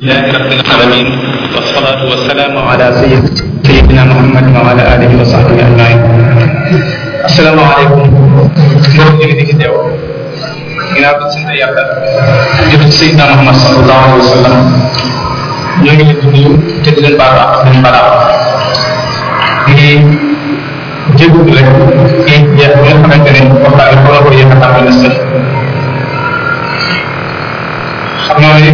lillahi rabbil alamin wassalatu wassalamu ala sayyidina muhammad wa ala alihi wa sahbihi ajmain assalaamu aleykum mbokk ñu ngi teew ginnaaw bi sant yàlla jëf ci sayyidina muhammad sallallahu alayhi wa sallam ñoo ngi leen di nuyu te di leen baax ak leen balaa di jégalu rek ci jeex bi nga xamante ne waxtaan bi ko yéex a tàmbali xam naa ne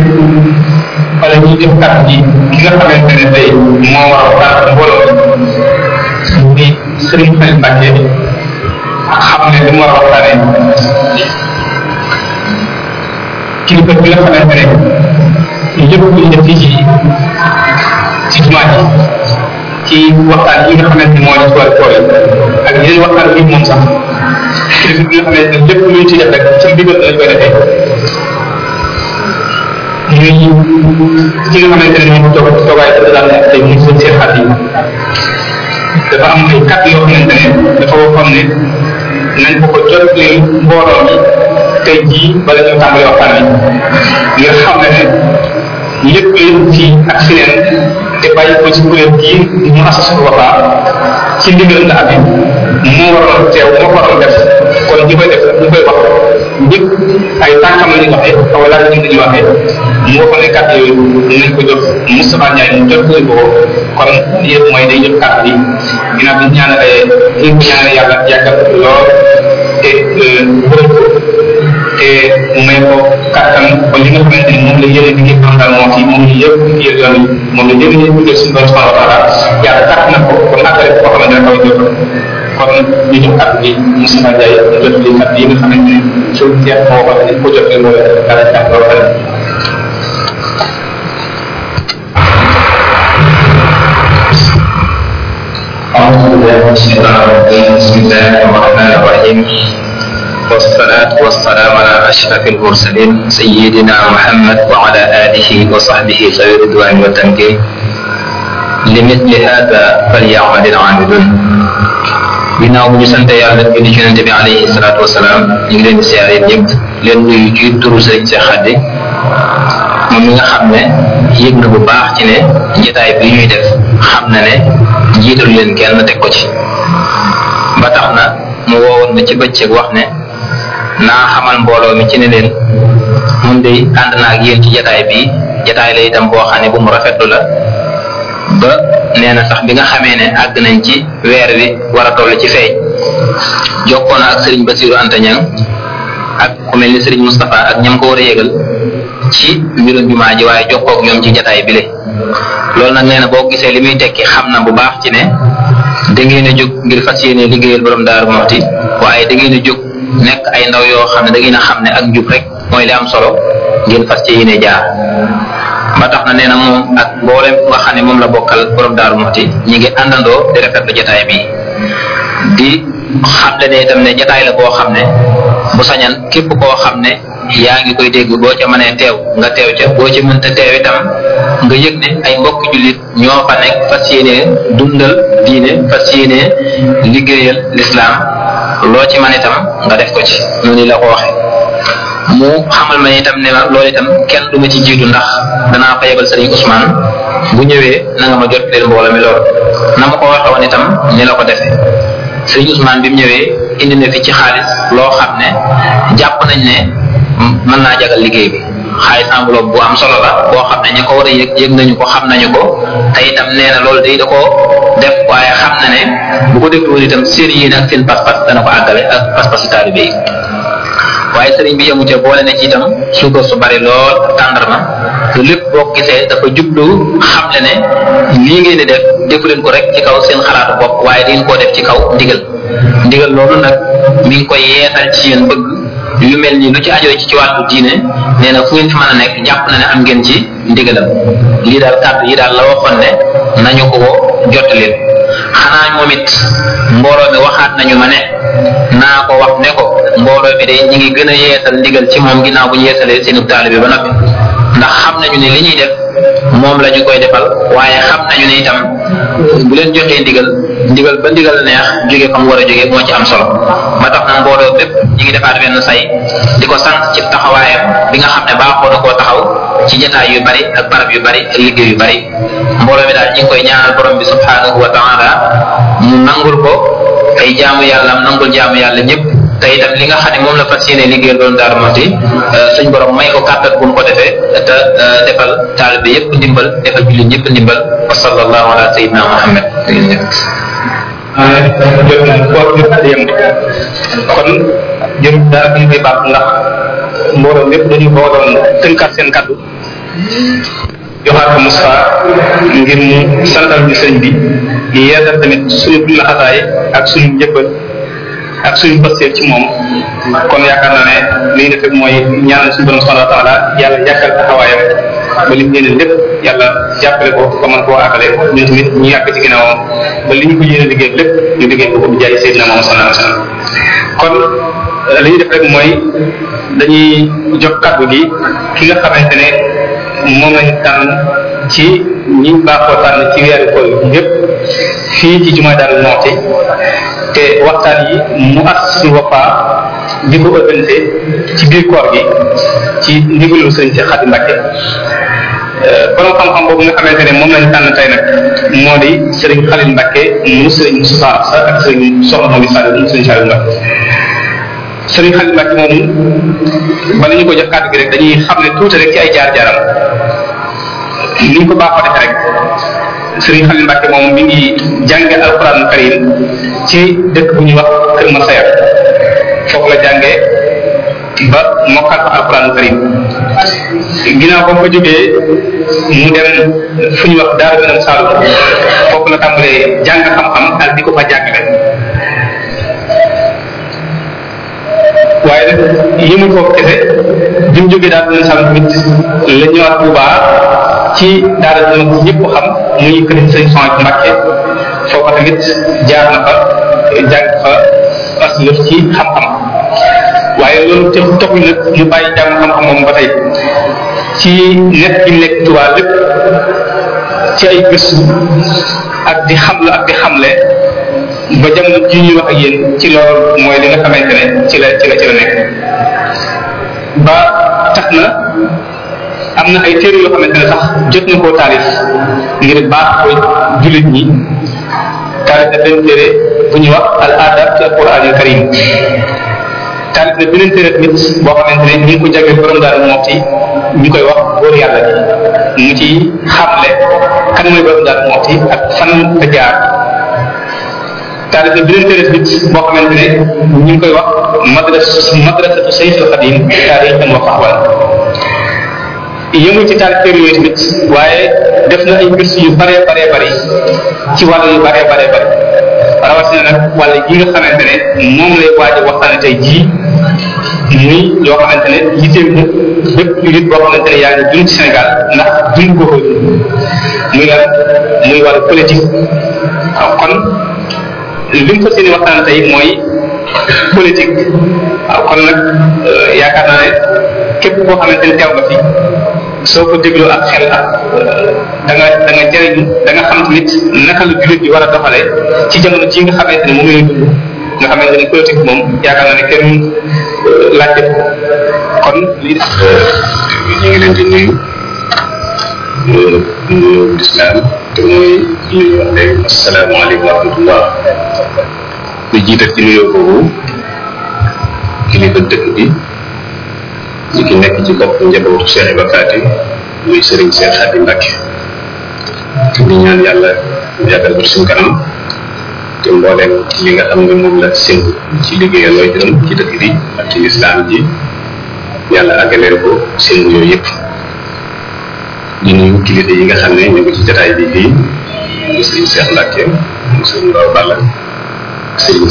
fa la ñuy def kàddu gi ki nga xamante ne tey moo war a waxtaan mbooloo muy Serigne Fallou Mbacké ak xam ne li mu war a waxtaanee kilifa bi nga xamante ne yëpp ñu def fii ci ci jumaa ji ci waxtaan yi nga xamante ne moo ci war tool ak yeneen waxtaan yi moom sax kilifa bi nga xamante ne lépp luñ ci def rek ci ndigal lañ koy defee ñuy ci nga xamante ne moom toog toogaay dafa daan nekk tey muy seen seen xarit dafa am ay kat yoo xamante ne dafa waxoon ne nañ ko jot li mbooloo mi jii bala ñu tàmbali waxtaan bi nga xam ne lépp leen ci ak feneen te bàyyi ko ci kuréel gii ñu asasul Wafa ci ndigal la abi moo waroon teew moo waroon def kon ñi koy def ñu koy wax dig ay tànkam lañ waxee wala dig lañ waxee mu waxoon ne kàddu yooyu nañ ko jox Moustapha Ndiaye mu jot ko kon yëpp mooy day jot kàddu bi ginnaaw bi ñu ñaanalee ñu ko ñaanal yàlla yàggal lool te euh, wóor ko te may ko kàttan ba li nga xamante ni moom la yéene bi ngeen xam daal moo ci moom yëpp yéen yoon moom la yéene ñu tuddee suñu borom subhanahu wa taala a kàttan na ko ba nga xamante ne koo xamante kon ñu ngi at bi Moussa Ndiaye ñu jot li at yi nga xam ne suñ seet moo wax ni ko jot loolu dara jàng loolu rek أعوذ بالله من الشيطان الرجيم بسم الله الرحمن الرحيم والصلاة والسلام على أشرف المرسلين سيدنا محمد وعلى آله وصحبه خير الرضوان والتمكين لمثل هذا فليعمل العاملون ginnaaw bu ñu sant yàlla julli ci yonente bi alayhi salaatu wasalaam ñu ngi leen di siyaare ñëpp leen nuyu ci turu sëriñ Seex Xaddi moom mi nga xam ne yëg na bu baax ci ne jataay bi ñuy def xam na ne jiital leen kenn teg ko ci ba tax na mu woowoon na ci bëccëg wax ne naa xamal mbooloo mi ci ne leen mun de ànd naa ak yéen ci jataay bi jataay la itam boo xam ne bu mu lu la ba nee na sax bi nga xamee ne àgg nañ ci weer wi war a ci feeñ jokkoon ak sëriñ Basiru Anta Ñang ak ku mel ni sëriñ Mustapha ak ñam ko war a yëgal ci mbirum jumaa ji waaye jokkook ñoom ci jataay bile loolu nag nee na boo gisee li muy tekki xam na bu baax ci ne da ngeen a jóg ngir fas yéene liggéeyal boroom Daaru Muxti waaye da ngeen a jóg nekk ay ndaw yoo xam ne da ngeen a xam ne ak njub rek mooy li am solo ngeen fas ci yéene jaar ba tax na nee na moom ak mboolem nga xam ne moom la bokkal borom Daaru Muxti ñi ngi àndandoo di rafetlu jataay bi di xamle ne itam ne jataay la boo xam ne bu sañal képp boo xam ne yaa ngi koy dégg boo ca mënee teew nga teew ca boo ca mënta teew itam nga yëg ne ay mbokk jullit ñoo fa nekk fas yéene dundal diine fas yéene liggéeyal lislaam loo ci man itam nga def ko ci noonu la ko waxe mu xamal ma itam ne ma loolu itam kenn du ma ci jiitu ndax danaa ko yebal sëriñ Ousmane bu ñëwee na nga ma jot leen mbooloo mi lool na ma ko waxee woon itam la ko defee sëriñ Ousmane bi mu ñëwee indi na fi ci xaalis loo xam ne jàpp mën naa jagal liggéey bi xaalis enveloppe bu am solo la boo xam ne ña ko war a yëg nañu ko xam nañu ko te itam nee na loolu day da ko def waaye xam na ne bu ko dégluwoon itam seen yéen ak seen pas-pas dana ko àggale ak pas-pasu taalibe waaye sëriñ bi yëmu ca boo na ci itam suukar su bari lool tàndarma lu lépp boo gisee dafa jublu xam le ne lii ngeen di def defu leen ko rek ci kaw seen xalaatu bopp waaye di ngeen koo def ci kaw ndigal ndigal loolu nag mi ngi koy yeesal ci yéen bëgg lu mel ni lu ci ajoo ci ci wàllu diine nee na fu ngeen fi a nekk jàpp na ne am ngeen ci ndigalam lii daal kàddu yi daal la waxoon ne nañu ko jottali xanaa ñoom it mbooloo mi waxaat nañu ma ne naa ko wax ne ko mbooloo mi ñi ngi gën a yeesal ndigal ci moom ginnaaw bu ñu yeesalee seenu taalibe ndax xam nañu ne li moom la koy defal waaye xam nañu ne bu leen joxee ndigal ndigal ba ndigal neex jóge fa mu war a jóge moo ci am solo ba tax na mbooloo bépp ñi ngi defaat benn say di ko sant ci taxawaaye bi nga xam ne baaxoo na koo taxaw ci jataay yu bari ak barab yu bari ak liggéey yu bari mbooloo mi daal ñu koy ñaanal borom bi subhanahu wa taala mu nangul ko ay jaamu yàlla am nangul jaamu yàlla ñëpp te itam li nga xam ne moom la fas yéene liggéeyal doon Darou Mouhty suñ borom may ko kàttan bu mu ko defee te euh, defal taalibe yëpp ndimbal defal jullit ñëpp ndimbal wa sallallahu ala sayyidina muhammad kon jërëjëf daal dañ koy baax ndax mbooloo lépp dañu booloon tënkaat seen kàddu joxaat ko Moussa ngir mu santal ñu sëñ bi di da tamit suñu naxataay ak suñu njëbbal ak suñu pasteef ci moom kon yaakaar naa ne lii def rek mooy ñaanal suñu borom subhanahu wa taala yàlla yàkkal taxawaayam ba lim yàlla jàppale ko ba koo àggale ñun tamit ñu yàgg ci ginnaawam ba li ñu ko yéene liggéey lépp ñu liggéey ko bu jaay Seydina Muhammad sallallahu alayhi wasallam kon li ñu def rek mooy dañuy jox kàddu gi ki nga xamante ne moom lañ tànn ci ñi baaxoo tànn ci weeru koor yi yépp fii yi mu assu Wafa ci biir koor gi ci ndigalu sëriñ si Xadim Mbàkke euh, borom xam nga ne moom lañ tànn tey nag moo di sëriñ Xalim Mbàkke mu sëriñ Moussa ak sëriñ Soxna Mawli Sall mu sëriñ Sall Mbàkke sëriñ Xalil Mbàkke moomu bala ñu ko jox kàddu gi rek dañuy xam ne tuuti rek ci ay jaar-jaaram ni ñu ko baaxoo defee rek sëriñ Xalil Mbàkke moomu mi ngi jànge alxuraan karim ci dëkk bu ñuy la jànge ba mokkal fa alxuraan karim jógee mu dem fu ñuy wax Daaru Minam Saalum foofu la tàmbalee jàng xam-xam ak ko fa jàngale waaye nag yëmul foofu kese bi mu jógee daal dina sàmm tamit la bu baax ci daara dina ko ñëpp xam muy kër sëñ Sonia Mbacke foofa tamit jaar na fa jàng fa as lëf ci xam-xam waaye loolu te taxul nag mu bàyyi jàng xam-xam moom ba tey ci nekk gi nekk Tuubaa lépp ci ay gëstu ak di xamlu ak di xamle ba jamono ji ñuy wax ak ci loolu mooy li nga xamante ne ci la ci la la nekk ba tax na am na ay téere yoo xamante ne sax jot na koo taarif ngir baax ko jullit ñi taarif na bu ñuy wax al adab ci alquran al karim taarif na beneen téere tamit boo xamante ne ñu ngi ko jagleel borom daal moom ci ñu koy wax góor yàlla bi mu ci xamle kan mooy borom daal moom ci ak fan la taalibe beneen téere bi boo xamante ne ñu ngi koy wax madrasa madrasatu Seydil Xadim taarixan ci taal téere yooyu tamit waaye def na ay mbir yu bare bare bari ci wàllu yu bare bare bari rawatina nag wàllu yi nga xamante ne moom lay waaj waxtaane tey jii muy yoo xamante ne yitteem na bépp nit boo xamante ne yaa ngi dund Sénégal ndax dund ko muy lan muy wàllu politique kon li mu fas yéene waxtaan tey mooy politique waaw kon nag euh, yaakaar naa ne képp koo xamante ne teew nga fi soo ko dégloo ak xel ak euh, danga nga da nga jëriñu xam nit naka la jullit bi war a doxalee ci jamono ji nga xamante ne moom lay dund nga xamante ne politique moom yaakaar naa ne kenn euh, laajte ko kon li ñu ngi leen di nuyu nuyoo nuyoo lislaam te mooy li ñuy wax léegi asalaamaaleykum wa dëkk bi ci ki nekk ci bopp njabootu Cheikh Iba yàlla yàggal ko suñu kanam te mbooleem li nga xam ne moom la séntu ci liggéeyal way juróom ci dëkk bi ak ci lislaam ji yàlla àggaleel ko séntu yooyu di nuyu kilifa yi nga xam ne ñu ngi ci jataay bi fii mu sëriñ Cheikh Mbacke mu sëriñ Ndaw Balla ak sëriñ yi nga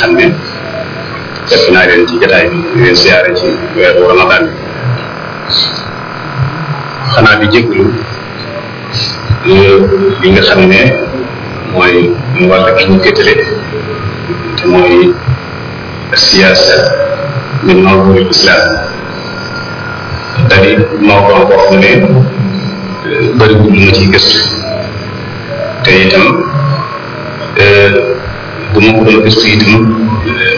xam ne naa leen ci jataay bi leen siyaare ci weeru Ramadan xanaa di jéglu euh, li nga xam ne mooy mu wàll ki ñu te mooy siyaasa min mawduul islam tari moo ko boo xam ne bëri bu ma ciy gëstu te itam e, bu ma ko doon gëstu itam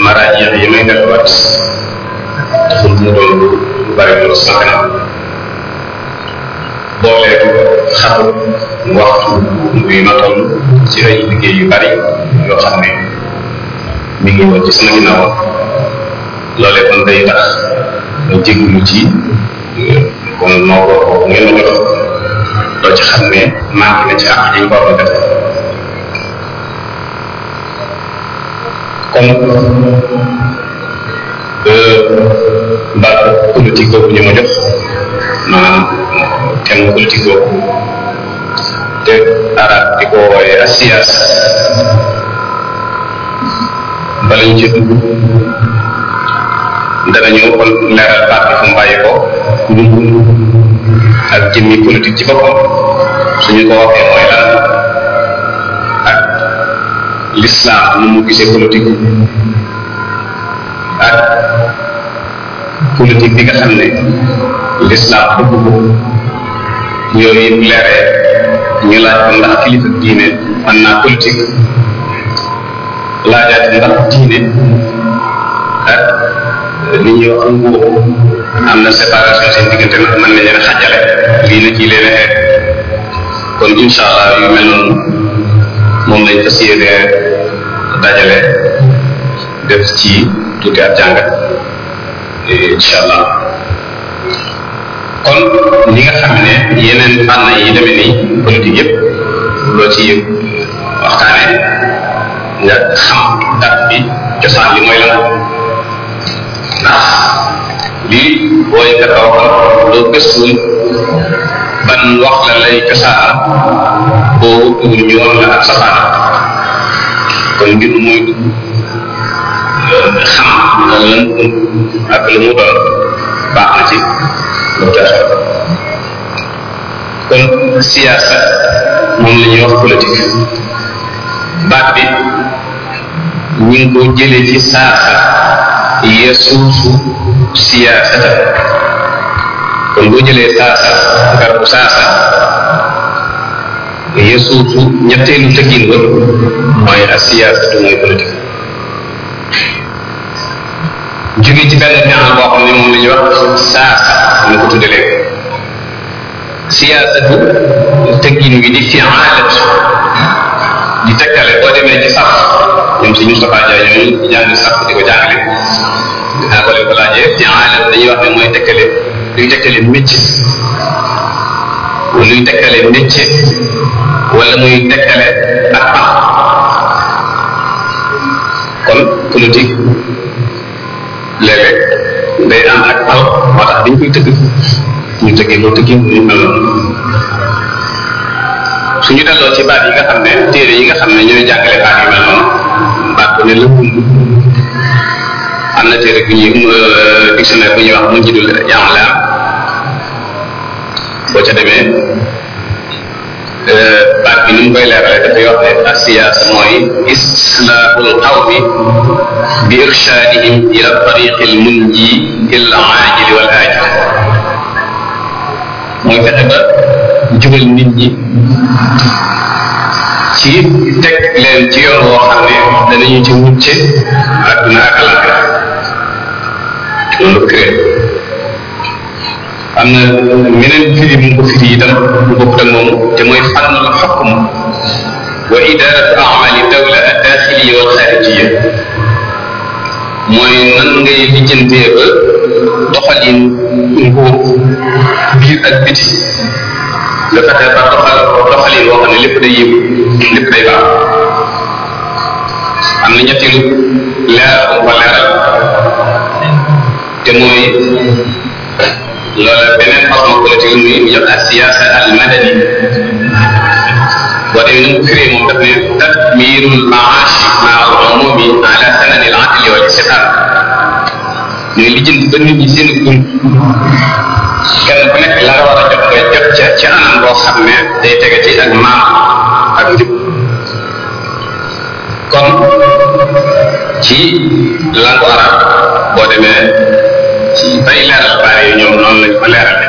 maraaj yi may delluwaat lu bëri waxtu bi ma toll ci ay liggéey yu bëri yoo xam ne mi ngi woon ci sama ginnaaw loolee kon day tax ma jégalu ci kon Maodo ngeen ma jox doo ci xam ne na ci àq yi ko waroon def kon euh, baat politique boobu ñu ma jox maanaam thème politique boobu te arab di ko wooye asiyaas bala ñu ci dugg danañu kon leeral baat bi fu mu ko dund ak jëmmi politique ci boppam suñu ko waxee mooy lan ak l'islam nu mu gisee politique ak politique bi xam ne l'islam bëgg ko yooyu yëpp leeree ñu laaj ko ndax kilifa diine mën naa politique laajaat ndax diine ak nit ñi wax am nguuxu am na séparation seen diggante nag mën na leen xajale lii nag yi leen kon incha yu mel moom lañ fas yéene dajale def ci tuuti ab jàngat incha kon ñi nga xam ne yeneen fànn yi demee nii politique yëpp loo ci waxtaane nga xam dat bi cosaan bi mooy lan ndax lii booy ka tawakal doo gëstu wax la lay kasaara boo wuttuwul ñu la ak safaana kon ngir mooy xam lan lan ak lu mu doon baax na ci loolu ca kon siyaasa moom la wax politique baat bi ñu ko jëlee ci saasa yesuusu siyaasata kon boo jëlee saasa garabu saasa yesuusu ñetteelu tëggin ba mooy ak siyaasatu mooy politique jóge ci benn terrain boo xam ne moom la ñuy wax saasa ñu ko tudde léegi siyaasatu tëggin wi di fiaalatu di tekkale boo demee ci sax ci Moustapha Ndiaye ñu jàng sàkk di ko jàngale dinaa ko leen ko laajee ci wala muy tekkale ak pax dañ koy tëgg ñu tëggee moo ñu mel noonu ci baat yi nga xam ne téere yi nga xam ne ñuy jàngale baat yu mel noonu baat bu ne la am na téere bu ñuy euh, dictionnaire bu ñuy wax mu jidul jaamlaam boo ca demee euh, baat bi ni mu koy leerale dafay wax ne asiyaasa mooy islaahul qawmi bi irshaadihim ila tariqil munji il aajili wal aajil mooy fexe ba jubal nit ñi ci teg leen ci yoon woo xam ne danañu ci mucce àdduna ak alaaxira loolu crée am na meneen firi mu ko firi itam bu bokkut ak moom te mooy fànn la xokkum wa idarat amali dawla ad-daxiliya wal xaarijiya mooy nan ngay lijjantee ba doxalin nguur biir ak ba doxal doxalin woo xam day ñun lépp day baax am na ñetteelu leer ba leeral te mooy loola beneen façon politique muy ñu jox ak siyaasa al madani boo demee nu mu firee moom daf ne tadmirul maash maa umumi ala sanani al aqli wal istiqaam ñu ngi lijjanti ba nit ñi seen dund kenn ku nekk la war a ca ci anam boo xam ne day tege ci ak maam ak njub kon ci langue arabe boo demee ci bay leeral baay ñoom noonu lañ ko leerale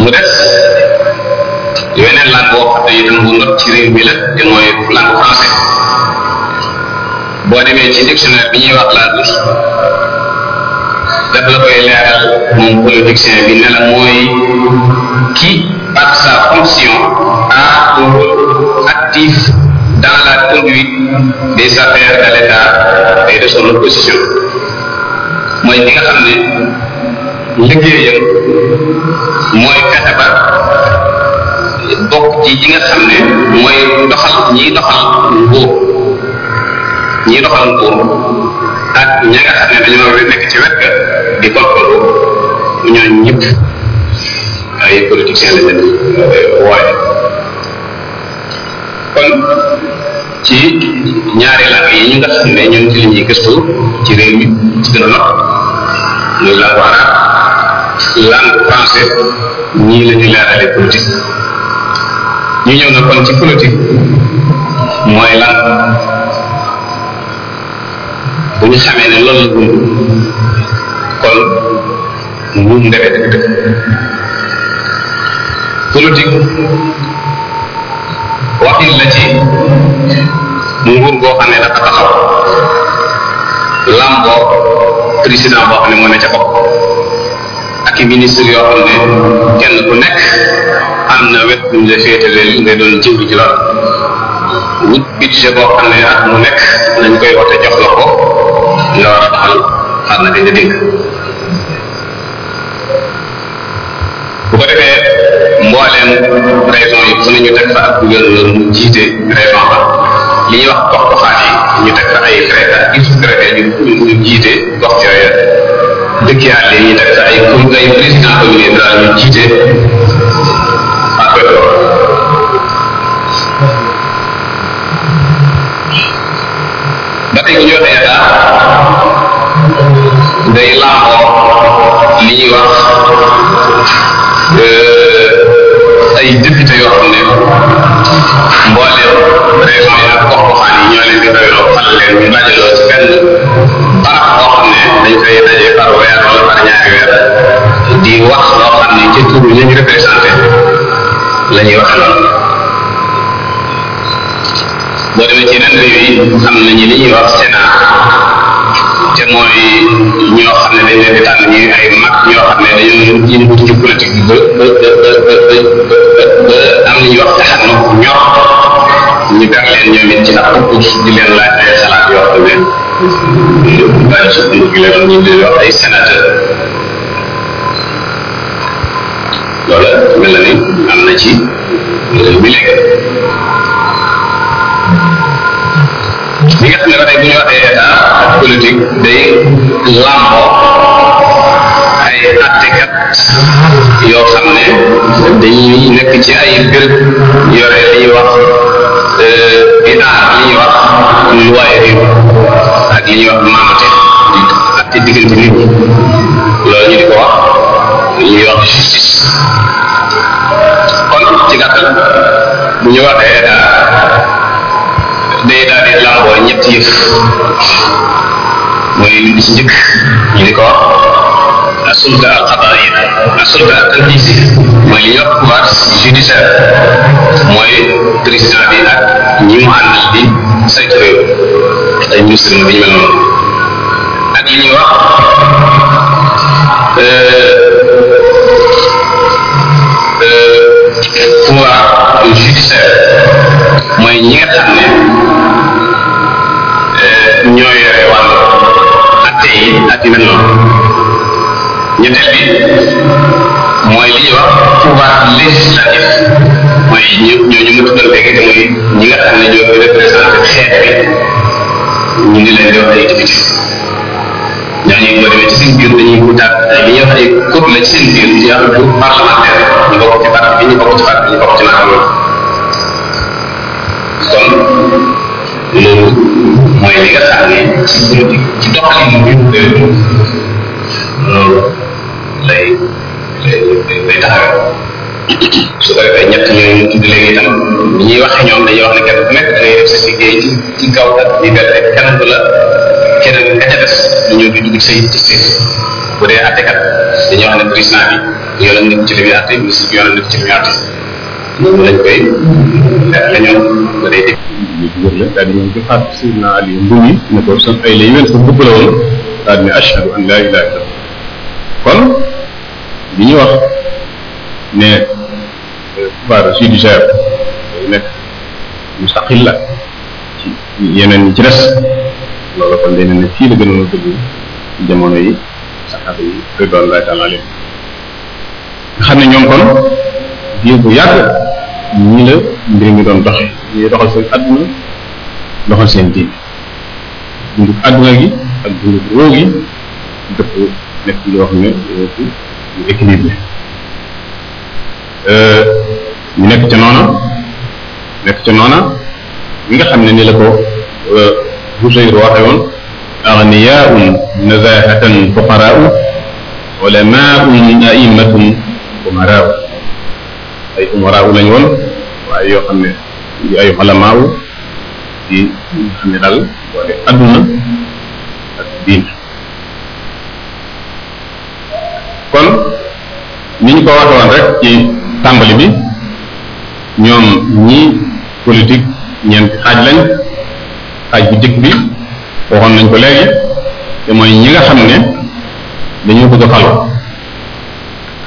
mu des yeneen langue boo xam ne itam bu not ci réew mi la te mooy langue français boo demee ci dictionnaire bi ñuy wax langue daf la koy leeral moom politicien bi ne la mooy qui par sa fonction a un actif dans la conduite des affaires de l'État et de son opposition mooy ki nga xam ne liggéeyam mooy fexe ba bokk ci ñi nga xam ne mooy doxal ñiy doxal nguur ñiy doxal nguur ak ña nga xam ne dañoo nekk ci wet ga di koppalu ñooñ ñëpp ay politiciens lañ leen wooye kon ci ñaari làkk yi ñu nga xam ne ñun ci li gëstu ci réew mi ci gën a nopp muy langue arabe langue français ñii la ñuy leerale politique ñu ñëw na kon ci politique mooy lan bu ñu xamee ne loolu la dund kon mu ndewee dëgg dëgg politique waxin la ci nguur goo xam ne dafa taxaw làmboo président boo xam ne moo ne ca bopp ak i ministre yoo xam ne kenn ku nekk am na wet bu ñu la féetaleel nga doon jiw ci loolu wut budget boo xam ne ak mu nekk nañ koy wote jox la ko lor xol xar na dina dégg bu ko defee mbooleem raison yi fu ne ñu teg fa ak gouverneur jiite raison ba li wax gox goxaat ñu teg fa ay préfet sous-préfet jiite gox yooyu dëkk yàlla jiite ak ba tey ñu joxe état day laaxoo li ñuy wax euh, ay député yoo xam ne mbooleem région yi ak gox goxaan yi ñoo leen di doyloo fal leen ci benn barab boo xam ne dañ koy daje par weer di wax loo xam ne ci ñu ñu représenté la ñuy wax noonu boo demee ci ren réew yi am nañu li ñuy wax Sénat te mooy ñoo xam ne dañ leen di tànn ñuy ay mag ñoo xam ne dañoo yëngu ci politique bi ba ba ba ba ba am nañu wax taxat na ko ñor ñu gar leen ñoom it ci ab puus di leen laaj ay xalaat yoo xam ne bàyyi su ñu leen ñu di wax ay sénateur loola mel na ni am na ci bi léegi li nga xam ne ba tey bu ñu waxee ah politique day làmboo ay attekat ne dañuy ci ay béréb yore li ñuy wax bidaa euh, li ñuy wax loi réew ak li ñuy wax maamate ak ci diggante di ko wax li ci gàttal bu ñu waxee ah, day daal di làmboo ñetti yëf mooy li ci njëkk ñu di ko wax asulta al xataaya asulta al tanfisi mooy li ñor pouvoir judiciaire mooy président bi ak ñi mu àndal di saytu réew ay ministre bi ñu mel noonu ak yi ñuy wax euh, euh, pouvoir judiciaire mooy ñi nga xam ne ñoo yore wàllu atte yi ak yu mel noonu ñetteel bi mooy li ñuy wax pouvoir législatif mooy ñu ñooñu mu tuddal léegi te muy ñi nga xam ne ñoo représenté xeet bi ñu ngi leen ci seen biir dañuy wutaat ay li ñuy wax ci seen biir di am groupe parlementaire ñu bokk ci parti bi loolu mooy li nga sàngee ci ci doxalin bi mu koy loolu lay lay taxawee su ko defee ñett ñooñu tudd léegi itam bi ñuy ñoom dañuy wax ne kenn ku nekk da def sa liggéey ci ci kaw ak di def rek kenn du la keneen ka ca des du ñëw di dugg say ci seen bu dee àttekat dañuy wax ne président bi yoonam nekk ci li muy nekk ci li muy ñoom ko day dégg. ñu ci wër la daal di ñëw ci xaat Seydina Ali ne ko sa ay sa bëgg la woon daal ne ashhadu an laa ilaaha illallah kon li ñu wax ne Kufaar sud du Sahel day nekk mustaqil la ci yeneen ñi ci des loolu kon day ne ne fii la gënoon a jamono yi saxaaba yi ridwanullaahi taala alayhim nga xam ne ñoom kon diir bu yàgg. ñi la mbir mi doon doxe ñuy doxal seen adduna doxal seen diin dundub adduna gi ak dundub roo dëpp nekk yoo xam ne yooyu ñu équilibré ñu nekk ca noona nekk ca noona ñi nga xam ne ni la ko Busayr euh, waxe woon agniyaun nazahatan fuqaraau ulamaun aimatun umaraau ay umaraau lañ woon waaye yoo xam ne yu ay xolamaaw ci xam ne daal boole adduna ak diine kon ni ñu ko waxe rek ci tàmbali bi ñoom ñii politique ñeenti xaaj lañ xaaj bu jëkk bi waxoon nañ ko léegi te mooy ñi nga xam ne dañu bëgg a falu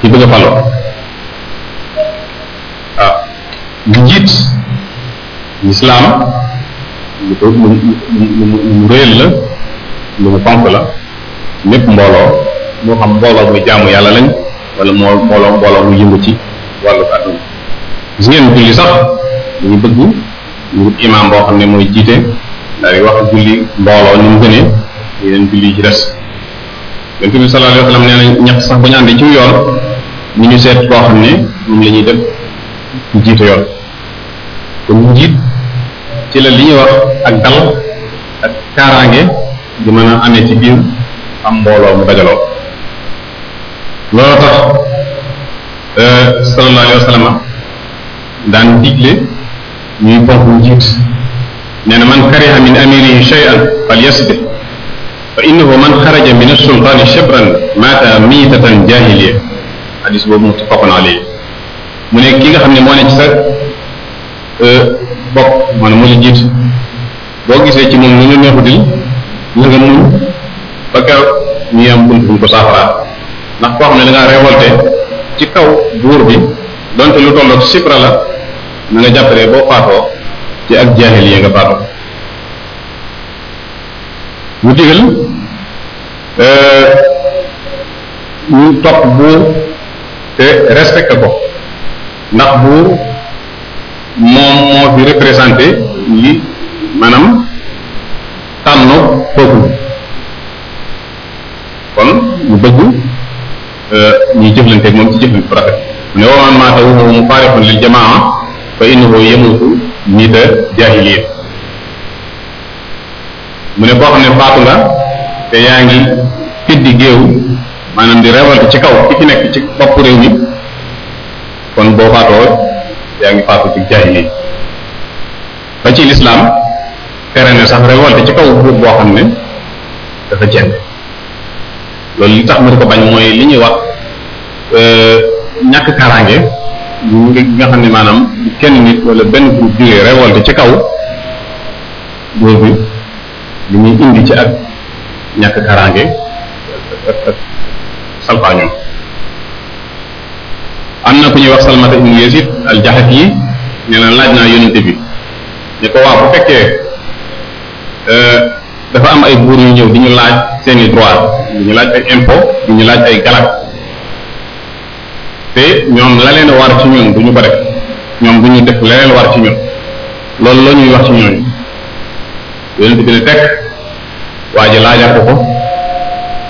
ci bëgg a falu njiit lislaam lu ko lu lu mu réel la lu mu fonk la lépp mbooloo moo xam mbooloo muy jaamu yàlla lañ wala moo mbooloo mbooloo mu yëngu ci wàllu àdduna gis ngeen julli bëgg ñu wut imaam xam ne mooy jiite daal di wax julli mbooloo ni mu gënee yeneen julli ci des yonent bi sallallahu alayhi wa sallam nee na sax bu ñu àndee ci yoon ñu ñu seet koo xam ne moom la ñuy jiit yoon njiit ci la li ñuy wax ak dal ak kaaraange di mën a amee ci biir am mbooloo mu dajaloo loolu tax euh, sallallahu alayhi wa sallam daan ñuy fonk njiit nee na man kariha min amirihi shay'an falyasbir fa innahu man xaraja min asultaani shibran maata miitatan jaahiliya hadis boobu muttafaqun alayhi mu ne ki nga xam ne moo ne ci sa euh, bopp maanaam mu la jiit boo gisee ci moom lu ñu neexutil la nga muñ ba keroog ñu am bunt bu ñu ko saafaraat ndax koo xam ne da ngaa ci kaw buur bi donte lu tolloog sipra la na nga jàppale boo faatoo ci ak jaahil yi nga faatoo mu digal euh, ñu topp buur te respecté ko ndax buur moom moo fi représenté li maanaam tànnu peuple kon ñu bëgg euh, ñu jëflanteeg moom ci jëflante bu rafet ne waman maata wuxu mu faarixun lil jamaa fa innahu yemutu nit a mu ne koo xam ne faatu nga te yaa ngi fiddi géew maanaam di révolte ci kaw ki fi nekk ci bopp réew mi kon boo faatoo yaa ngi faatu ci jaahili ba ci lislaam tere na sax révolte ci kaw buur boo xam ne dafa jënd loolu li tax ma di ko bañ mooy li ñuy wax euh, ñàkk kaaraange ngi nga xam ne maanaam kenn nit wala benn groupe jógee révolte ci kaw buur bi li ñuy indi ci ak ñàkk kaaraange ak am na ku ñuy wax salmata ibnu yasid al jaxat yi nee laaj naa yonente bi ne ko waaw bu fekkee euh, dafa am ay buur ñu ñëw di ñu laaj seeni droit di ñu laaj ay impôt di ñu laaj ay galak te ñoom la leen war ci ñun du ñu bare ñoom du ñu def la leen war ci ñun loolu la ñuy wax ci ñooñu yonente bi ne teg waa ji laajaat ko ko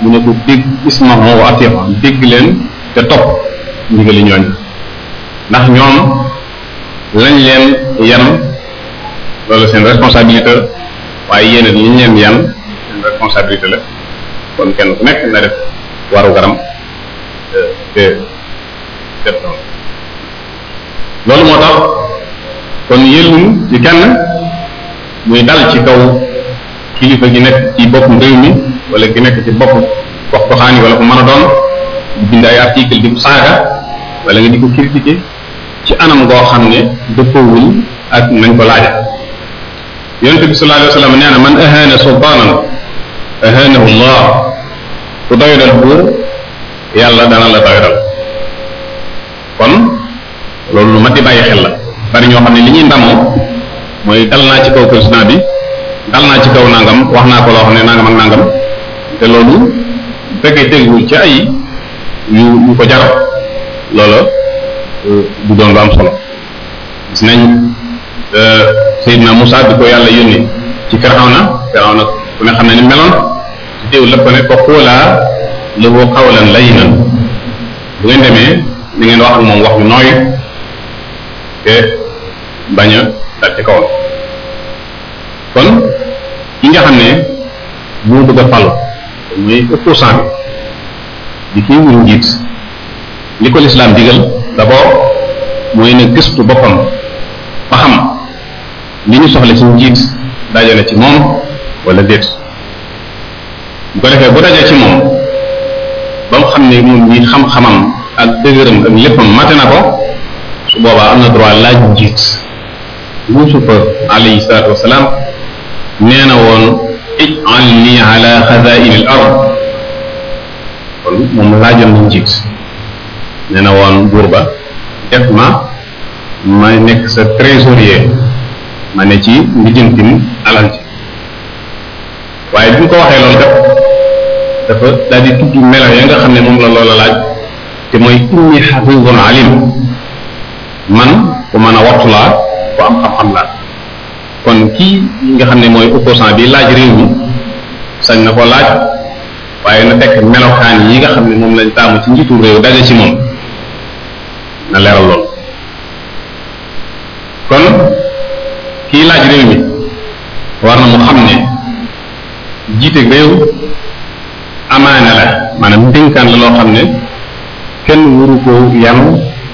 mu ne ko dégg ismaho wa atiqa dégg leen te topp ndigali ñooñ ndax ñoom lañ leen yan loolu seen responsabilité waaye yéen it liñ leen yan seen responsabilité la kon kenn ku nekk na def waru loolu moo tax kon yëllum ci kenn muy dal ci kaw kilifa gi nekk ci bopp réew mi wala gi nekk ci bopp gox goxaan yi wala ku mën a doon bind ay article di saaga wala nga di ko ci anam goo xam ne dëppoowul ak nañ ko laaja yonente bi sallallahu alayhi wa sallam nee na man ahana sultaanan ahanahu llah ku doydal buur yàlla dana la doydal kon loolu lu mat di bàyyi xel la bari ñoo xam ne li ñuy ndamoo mooy dal naa ci kaw président bi dal naa ci kaw nangam wax naa ko loo xam ne nangam ak nangam te loolu fekkee teguwul ci ay yu yu ko jaral loola euh, du doon lu am solo gis nañ euh, na Moussa bi ko yàlla yónni ci Firawna Firawna ku ne xam ne ni meloon ci teew lépp ne ko xoolaa lahu qawlan layyinan bu ngeen demee ni ngeen wax ak moom wax lu nooy te bañ a dal ci kawam kon ki nga xam ne moo bëgg a falu muy opposant bi di kii wuñ njiit li ko lislaam digal d'abord mooy na gëstu boppam ba xam li ñu soxla ci njiit dajale ci moom wala déet bu ko defee bu dajee ci moom ba mu xam ne moom ñi xam-xamam ak dëgëram ak léppam mate na ko su boobaa am na droit laaj njiit yusufa alayhi salaatu wasalaam nee na woon ij'alni ala xazaini al ard kon moom laaj nañ jiit nee na woon buur ba def ma may nekk sa trésorier ma ne ci mbijjantin alal ci waaye bi mu ko waxee loolu kat dafa daal di melo ya nga xam ne moom la loola laaj te mooy inni xafizun alim man ku mën a wattu laa ku am xam-xam laa kon kii nga xam ne mooy opposant bi laaj réew mi sañ na ko laaj waaye na fekk melokaan yi nga xam ne moom lañu taamu ci njiitu réew daje ci moom na leeral lool kon kii laaj réew mi war na mu xam ne jiite réew amaana la maanaam ndénkaan la loo xam ne kenn wuru ko yanu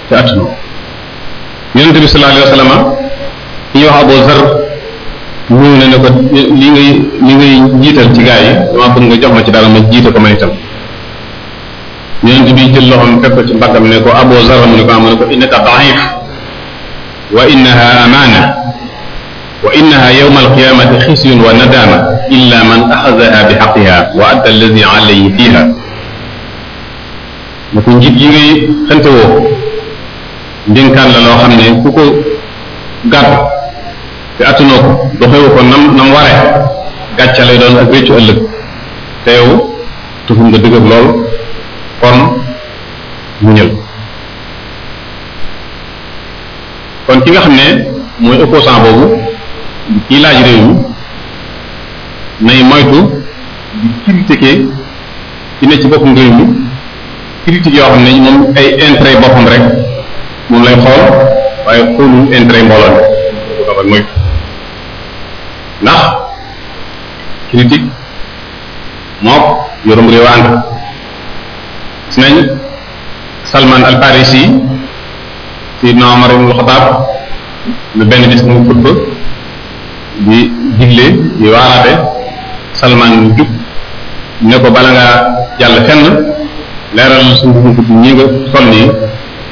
te attanoo yonente bi sallallahu alayhi wa sallam ñuy wax ñëw ne ne ko li ngay li jiital ci gaa yi dama nga jox ma ci dara ma jiite ko man itam yonent bi jël loxoom fekk ko ci mbaggam ne ko Abu Zarr ne ko am ah, ne ko innaka daif wa innaha wa nadama illa man axadaha bi xaqiha wa adda alladi alayhi fiha ne ko njiit yi ngay xante woo ndénkaan loo xam ne ku ko gàddu te attanoo ko doxewu ko nam nam waree gàcce lay doon ak réccu ëllëg te yow tuxum nga dëgër lool kon muñal kon ki nga xam ne mooy opposant boobu kii laaj réew mi nay moytu di critiquer ci ne ci boppam réew mi critique yoo xam ne moom ay intérêt boppam rek moom lay xool waaye xoolul intérêt mbooloo mi ndax critique mook yorum réew ànd gis nañ Salman al Omar ibn Xataab lu benn bis mu xutba di digle di waaraate Salman jub ne bala ngaa jàll fenn leeral suñu dugub ñi nga sol nii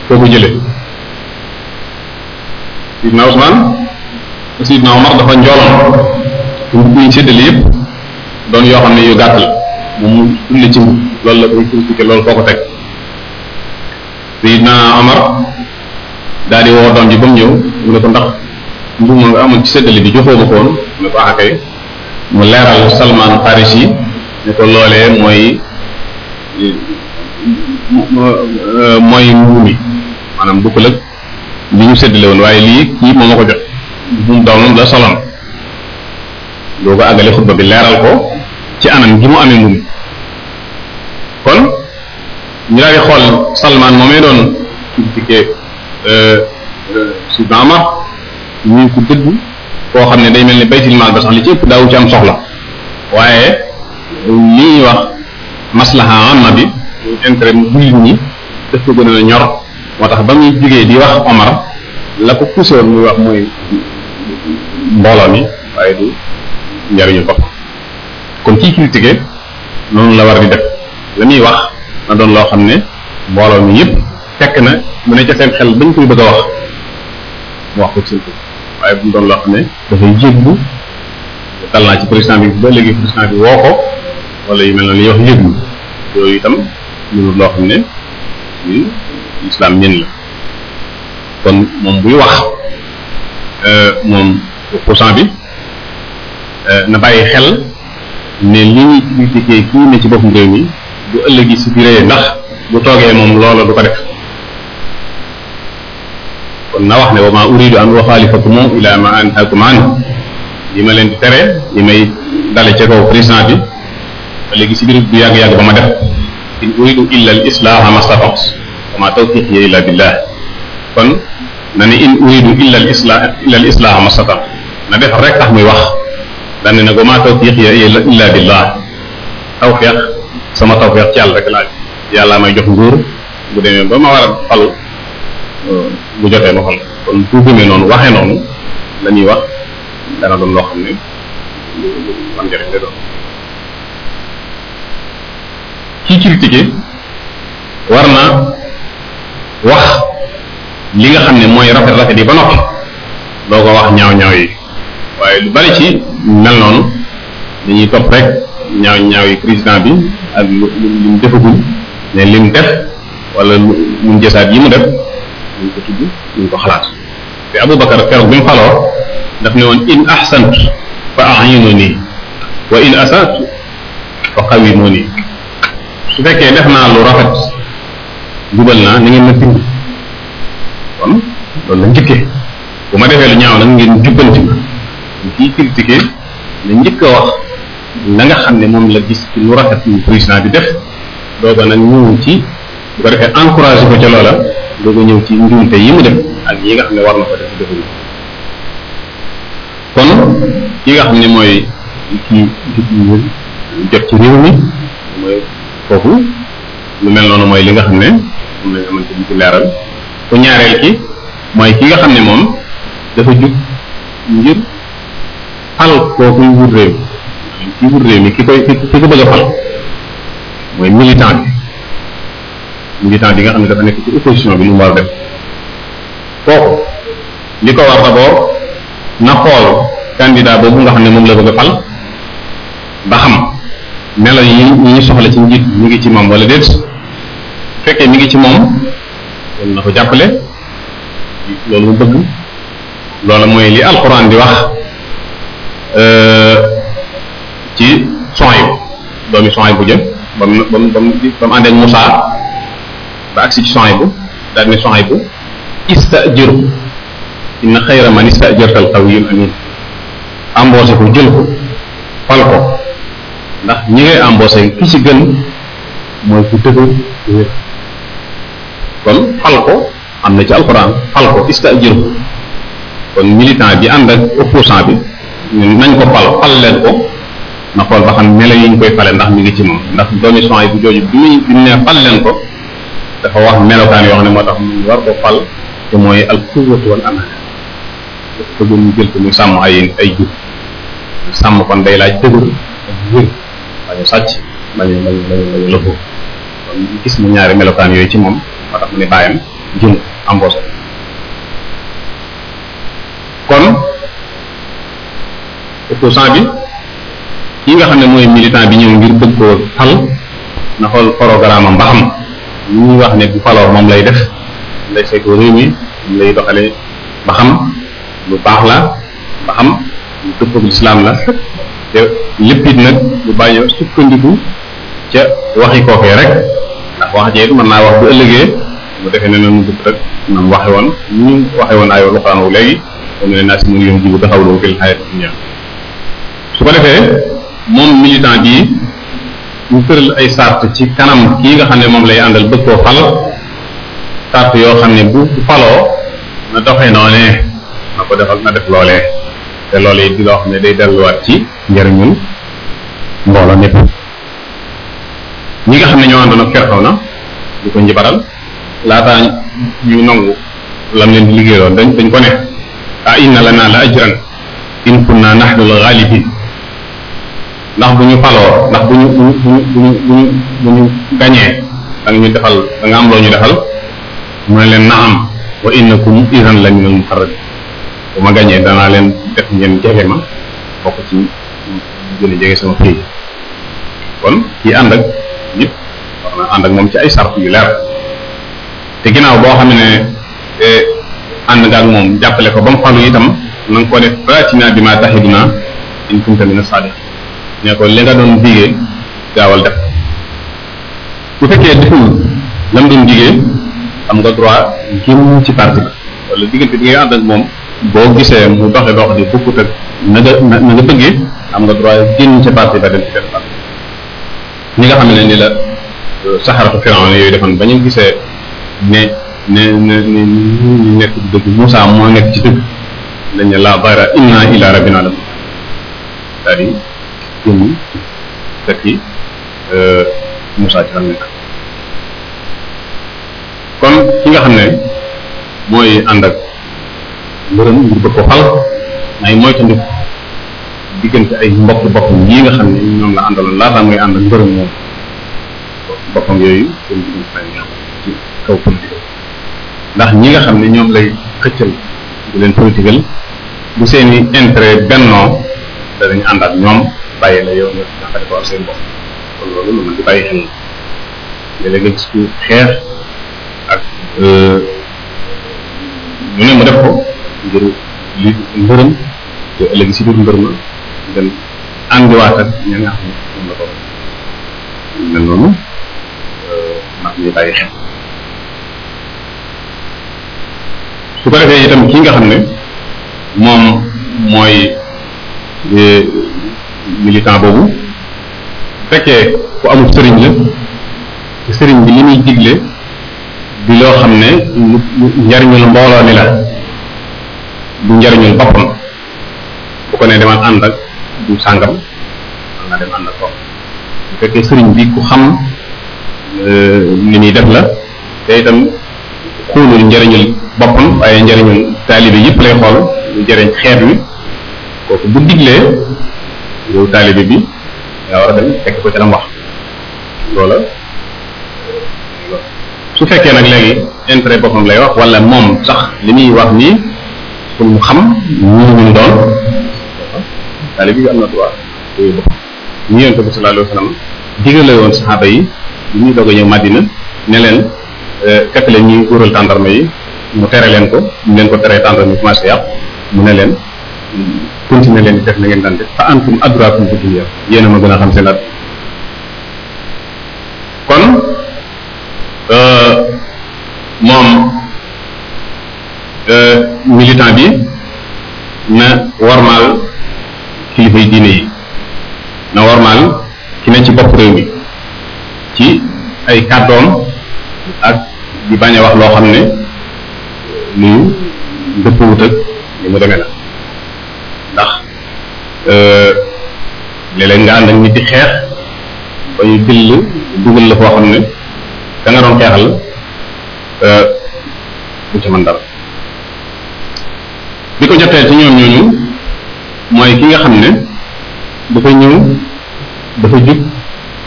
foo ko jëlee Sidna Usmaan Sidna Omar dafa njooloon mbubb yi séddale yëpp doon yoo xam ne yu gàtt la moom mu julli ci loolu la muy critiqué loolu foo ko teg Seydina Omar daal di woo ji ba ñëw mu ne ko ndax mbubb ma nga amoon ci seddale bi joxoo ma ko woon mu ne ko akay ah, mu ko loolee mooy mooy mbuu mi maanaam bokkul ak li ñu séddale woon waaye lii kii moo ma ko jot mbuum doomam la solon doo ko àggale xutba bi leeral ko ci anam gi mu amee ngum kon ñu daal di xool Salmaan moomee doon critiqué euh, euh, Sidna Umar ñu ko dëgg koo xam ne day mel ni baytil maal ba sax li ci ëpp daawu ci am soxla waaye li ñuy wax maslaha amma bi intérêt mu jullit ñi daf ko gën a ñor moo tax ba muy jógee di wax Omar la ko pusoon muy wax mooy mbooloo mi waaye du njariñu bokk kon kii critiquer noonu la war di def la muy wax na doon loo xam ne mbooloo mi yëpp fekk na mu ne ca seen xel bañ koy bëgg a wax mu wax ko ci waaye bu mu doon loo xam ne dafay jéggu dal naa ci président bi ba léegi président bi woo ko wala yu mel noonu li wax njéglu yooyu itam ñunul loo xam ne ñu islam ñen la kon moom buy wax euh, moom pourcent bi Euh, na bàyyi xel ne li ñuy critiquer kii ne ci boppam réew mi bu ëllëgi si biiree ndax bu toogee moom loola du ko def kon na wax ne wa ma uridu an uxaalifakum ila ma anhaakum an yi ma leen tere yi may dale ca kaw président bi ba léegi si biir du yàgg-yàgg ba ma def in uridu illa al islaaha mastata'tu wa kon na ne in uridu illa al islaaha illa al na def rek tax muy wax daan na ko maa tawfiiqi illa billah tawfeex sama tawfeex ci yàlla rek laa yàlla may jox nguur bu demee ba ma war a fal euh, bu jotee ma kon bu noonu waxee noonu la wax dana doon loo xam ne man njëriñ la war na wax li nga xam ne mooy rafet rafet yi ba noppi doo ko wax ñaaw ñaaw yi waaye lu bari ci mel noonu dañuy topp rek ñaaw ñaawi président bi ak lu lu mu defagul ne li mu def wala lu mu jësaat yi mu def ñu ko tudd ñu ko xalaat te Aboubacar keroog bi mu faloo daf ne woon in ahsantu fa nii wa in asatu fa qawimuni su fekkee def naa lu rafet jubal naa ni ngeen ma dimb kon loolu njëkkee bu ma defee lu ñaaw nag ngeen jubbanti ma kii critiqué na njëkk wax na nga xam ne moom la gis ci lu rafet lu président bi def dooga nag ñëw ci bu ko defee encouragé ko ca loola dooga ñëw ci njuumte yi mu def ak yi nga xam ne war na ko def defuñu kon ki nga xam ne mooy kii jot ci réew lu mel noonu mooy li nga xam ne leeral ku ki mooy ki nga xam ne moom dafa jug ngir al kookuy wut réew mi ki wut réew mi ki koy ki ko bëgg fal mooy militant bi militant bi nga xam ne dafa nekk ci opposition bi lu mu war a kooku li ko war d'abord na xool candidat boobu nga xam ne moom la bëgg a fal ba xam melo yi ñu soxla ci njiit mi ngi ci moom wala déet fekkee mi ngi ci moom loolu na ko jàppale loolu mu bëgg loolu mooy li alxuraan bi wax ci Suhayb doomi Suhayb bu jëm ba mu ba mu ba mu ànd ak Musaa ba agsi ci Suhayb bu daal ne Suhayb bu istajir inna xayra man istajarta al qawiyul amin embauché ko jël ko fal ndax ñi ngay embauché ki ci gën mooy ku dëgër kon fal am na ci alxuraan fal ko istajir kon militant bi ànd ak opposant bi nañ ko fal fal leen ko na xool ba xam melo yi ñu koy fale ndax mi ngi ci moom ndax doomi son yi bu jooju bi muy bi mu ne fal leen ko dafa wax melokaan yoo xam ne moo tax mu war ko mooy al quwwatu wal amaana dafa sàmm ay ay day laaj dëgër ak wér ñaari melokaan yooyu ci moom moo tax mu ne bàyyam jëm amboose kon opposant bi kii nga xam ne mooy militant bi ñëw ngir bëgg koo fal na xool programme am mbaxam xam li ñuy wax ne bu faloo moom lay def lay saytoo réew mi moom lay lu baax la ba xam la te it nag lu bàyyi sukkandiku ca waxi kookee rek wax jee mën naa wax ëllëgee mu defee ne noonu dëpp rek woon ñu waxe woon ayo luxaan wu léegi comme ne naa si mun yoon jibu taxawloo fil xayat dunya su ko defee moom militant bii ñu tëral ay sart ci kanam kii nga xam ne moom lay àndal bëgg koo fal sart yoo xam ne bu faloo na doxee noonee na ko defal na def loole te loolee di loo xam ne day delluwaat ci njëriñul mbooloo ñépp ñi nga xam ne ñoo àndoon ak Firxaw na di ko njibaral laataa ñu nangu lam leen di liggéeyloon dañ dañ ko ne a inna lanaa la ajran in kunnaa nahnu al-ghaalibiin ndax bu ñu faloo ndax bu ñu bu ñu bu ñu bu ñu bu ñu gañee da nga ñu defal da nga am loo ñu defal mu ne leen naam wa innakum iran la minal muqarrabin bu ma gañee danaa leen def ngeen jege ma bokk ci gën a jege sama kii kon kii ànd ak nit war na ànd ak moom ci ay sart yu leer te ginnaaw boo xam ne ànd nga ak moom jàppale ko ba mu falu itam na nga ko def baatinaa bi ma taxiduna in kunta mina saadiqin ne ko li nga doon digee gaawal def bu fekkee deful lam doon digee am nga droit génn ci parti bi wala diggante bi nga ànd ak moom boo gisee mu doxe dox di bukkut ak na nga na nga bëggee am nga droit génn ci parti ba dem ci benn parti ñi nga xam ne ni la euh, saxaratu firawna yooyu defoon ba ñu gisee ne ne ne ne ñu nekk ci dëgg Moussa moo nekk ci dëgg dañ ne la bara inna ila rabbina la c'est-à-dire jëmm fekki ci xam nga xam ne mooy ànd ak mbërëm ngir bëgg ko xal may mooy tamit diggante ay mbokk boppam yi nga xam ne ñoom la àndaloon laata mooy ànd ak mbërëm moom boppam yooyu seen diggante fay ci kaw politique ndax ñi nga xam ne ñoom lay xëccal di leen politiqueal bu seeni intérêt bennoo danañ ànd ñoom bàyyi la yow nga di bàyyi xel nga gis ku xeex ak mu euh, ne mu def ko ngir li te ëllëg si biir mbër ma dem àndiwaat ak nga xam ne noonu euh, mag ñuy bàyyi xel su ko defee itam kii nga xam ne moom mooy euh, militant boobu fekkee ku amul sëriñ la sëriñ bi li muy digle di loo xam ne njariñul mbooloo mi la du njariñul boppam bu ko ne demal ànd ak du sàngam man nga dem ànd ak ko bu fekkee sëriñ bi ku xam euh, li muy def la te itam xoolul njariñul boppam waaye njariñul taalibe yëpp lay xool lu jariñ xeet wi kooku bu diglee yow taalibe bi nga war a dem fekk ko ca la mu wax loola su fekkee nag léegi intérêt boppam lay wax wala moom sax li muy wax nii pour mu xam ñu ñu doon taalibe bi am na droit yooyu boppam ñu yonte bi sallallahu woon saxaaba yi li ñuy doog a ñëw Madina ne leen eh, fekk leen ñuy góoral tàndarma yi mu tere leen ko mu leen ko teree tàndarma yi commencé yàpp mu ne leen continuer leen def na ngeen daan def fa antum adraakum fi dunya yéen ma gën a xam seen kon euh, moom euh, militant bi na warmaal kilifay diine yi na warmaal ki ne ci bopp réew mi ci ay kàddoom ak di bañ a wax loo xam ne luy dëppwut ak li mu demee la Euh, léeg-léeg nga ànd ak nit di xeex ba ñu bill dugal la foo xam ne ka nga doon xeexal bu euh, ci bi ko jotee ci ñoom ñooñu mooy ki nga xam ne dafa ñëw dafa jub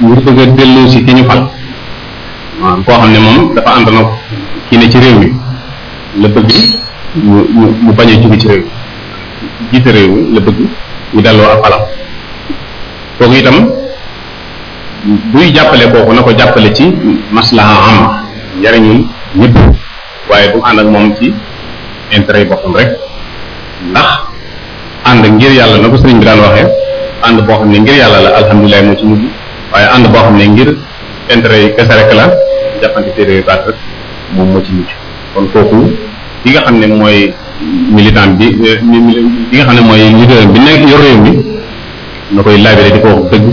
ngir bëgg a delloo ki ñu fal waaw koo xam ne moom dafa ànd na kii ne ci réew mi la bëgg mu mu bañ a jóge ci réew mi jiite réew la bëgg mu delloo ab alam kooku itam buy jàppale kooku na ko jàppale ci maslaha am njariñul ñëpp waaye bu ànd ak moom ci intere yi boppam rek ndax ànd ngir yàlla na ko sëriñ bi daan waxee ànd boo xam ne ngir yàlla la alhamdulilah moo ci mujj waaye ànd boo xam ne ngir intere yi kese rek la jàppante téere yu baat rek moom moo ci mujj kon kooku ki nga xam ne mooy militant bi bi euh, nga bi nekk yor na koy laabire di ko wax dëgg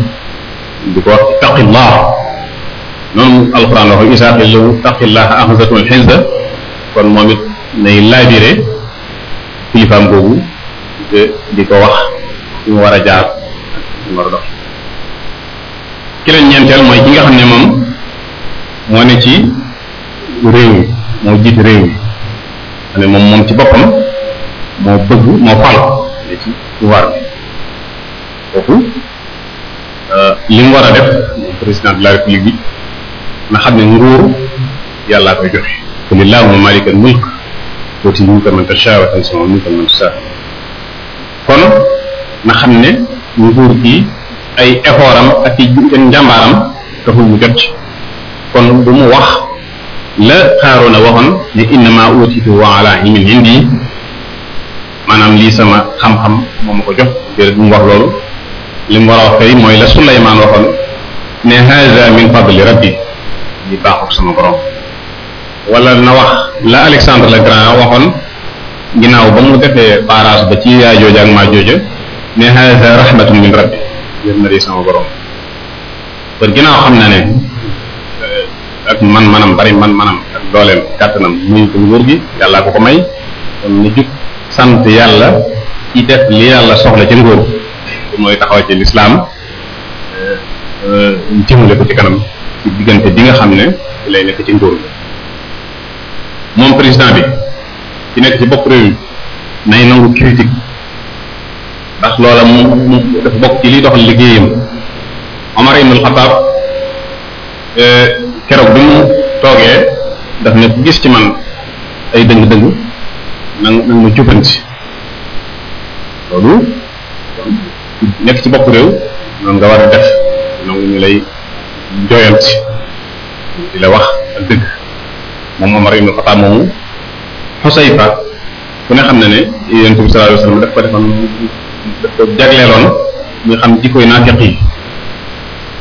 di ko wax taqillah noonu alxuraan la ko isaaqilu taqillah axasatul xinsa kon moom it nay laabire kilifaam googu di ko wax fi mu war a jaar fi ki leen ñeenteel mooy ki nga xam ne moom moo ne ci réew mi moo jiit réew mi ne moom moom ci boppam moo bëgg moo fal euh, li mu war a def moom président de la république bi na xam ne nguur yàllaa koy joxe qul illaahumma maalika al-mulk tuutil mulka kon na xam ne nguur gi ay effort am ak i njàmbaaram taxul mu jot kon bu mu wax la xaaroona waxoon ne innama uutitu wa ala ilmin indi maanaam lii sama xam-xam moo ma ko jox déedéet bu mu wax loolu li mu wax kay mooy la Suleymaan waxoon ne haza min fadli rabbi li baaxul sama borom wala na wax la Alexandre la Grand waxoon ginnaaw ba mu defee barrage ba ci yaa jooja ak maa jooja ne haza rahmatun min rabbi yéen na sama borom kon ginnaaw xam na ne ak man manam bari man manam ak dooleem kàttanam muy ko gi yàllaa ko ko may na jug sant yàlla ci def li yàlla soxla ci nguur mooy taxaw ci lislaam euh, euh, jëmale bi nga xam ne lay nekk ci nguur gi moom président bi ci nekk ci bopp réew nay nangu critique ndax loola mu dafa bokk ci liy doxal liggéeyam Omar ibn al-Khattab euh, keroog bi mu toogee daf ne ku gis ci man ay dëng-dëng na nga ma jubbanti loolu nekk ci bopp réew noonu nga war a def noonu lay jooyanti di la wax ak dëgg moom Omar ibn Xattaab moomu Xusayfa ku ne xam ne ne yonent bi sallallahu alayhi wasallam daf ko defoon jagleeloon muy xam jikkoy naafiq yi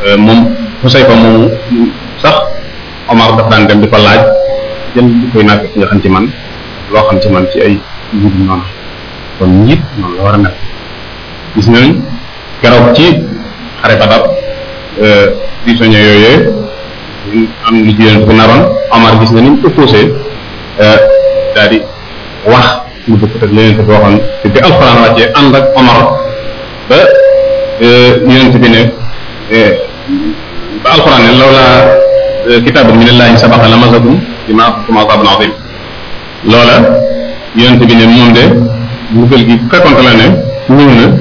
euh, moom Xusayfa moomu sax Omar daf daan dem di ko laaj jël di koy nag nga ci man loo xam ci man ci ay njiit noonu kon njiit noonu la war a mel gis nañ keroog ci xare Badar euh, prisonniers yooyu am lu jigéen ko naroon Omar gis na ni mu opposé euh, daal di wax mu dëkk te leneen te bi alxuraan wàccee ànd ak Omar ba euh, yonent bi ne ba alxuraan ne loolaa Euh, kitaabun minallahi sabaqa la masakum bi ma axadtum azaabun azim loola yonent bi ne moom de mbugal gi fekkonte la ne ñëw na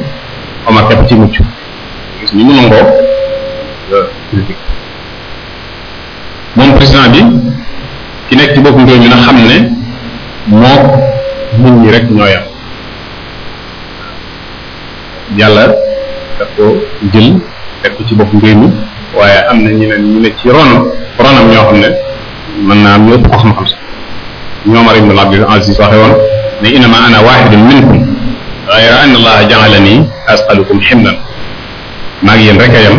Omar képp ci mucc gis ñu euh, moom président bi ki nekk ci boppam réew mi na xam ne mook nit ñi rek ñoo yam yàlla daf ko jël teg ko ci bopp réew mi waaye am na ñeneen ñu ne ci ronam ñoo xam ne mën naa am ñu ëpp ko xam-xam sax ñoom Omar ibn Abdul Aziz waxe woon ne innama ana wahidun minkum ghayra anna allaha ja'alani asqalukum himlan maa ngi yéen rek a yem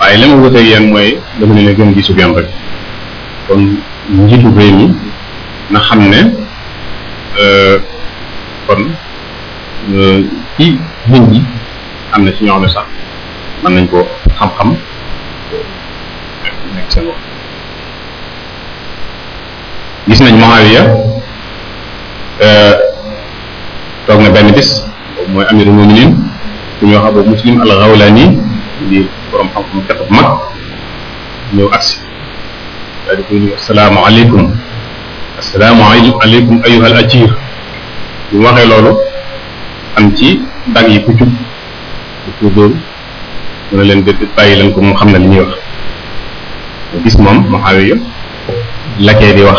waaye li ma wuteeg yéen mooy dama leen a gën gisu yéen rek kon njiitu réew mi na xam ne euh, kon euh, ci nit ñi am na ci ñoo xam ne sax mën nañ ko xam-xam ak gis nañ Muawiya euh, toog na benn bis boobu mooy amirul muminin ku ñuy wax Muslim al Ghawlani di xam-xam fekk mag ñëw agsi daal di koy nuyu asalaamaaleykum asalaamaaleykum ayuha al ajir bu mu waxee loolu am ci dag yi ku jub du ko dóor leen déedéet bàyyi ko moom xam na li ñuy wax gis moom Muhaawiya la kee di wax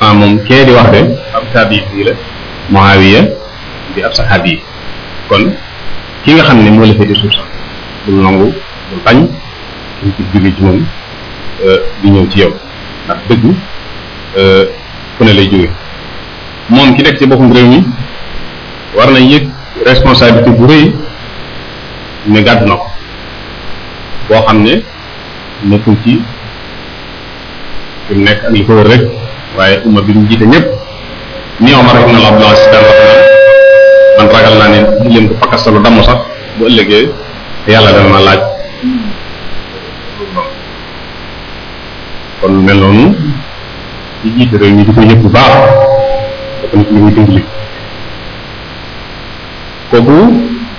ah moom kee di wax de ab tabi'i la kon ki nga xam ne moo la féete suuf sax bul nangu bul bañ ñu ci euh, ñëw ci yow ndax dëgg euh, fu ne lay jóge moom ki nekk ci boppam réew mi war na yëg responsabilité bu rëy ne gàddu na ko boo xam ne nekkul ci nekk ak li ko rek waaye umma bi mu jiite ñëpp nii Omar ibn Abdul naa ne di leen ko damm sax bu ëllëgee yàlla dana ma laaj kon mel noonu ci jiite réew ñi di ko yëg bu baax dafa nekk lu muy dimbali kooku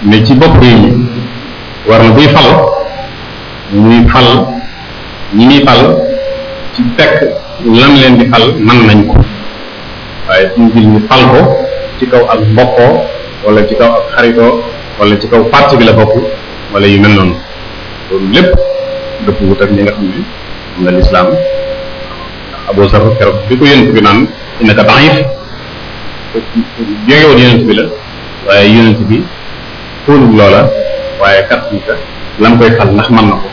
ne ci bopp réew war na buy fal muy fal ñi muy fal ci fekk lam leen di fal mën nañ ko waaye duñ jël ñu fal ko ci kaw ak mbokkoo wala ci kaw ak xaritoo wala ci kaw parti bi la bokk wala yu mel noonu loolu lépp dëpp wut ak nga xam ne am na lislaam Abu Zar keroog bi ko yonent bi naan innaka da'if jógewoon yonent bi la waaye yonent bi xoolul loola waaye kat bi lam koy fal ndax mën na ko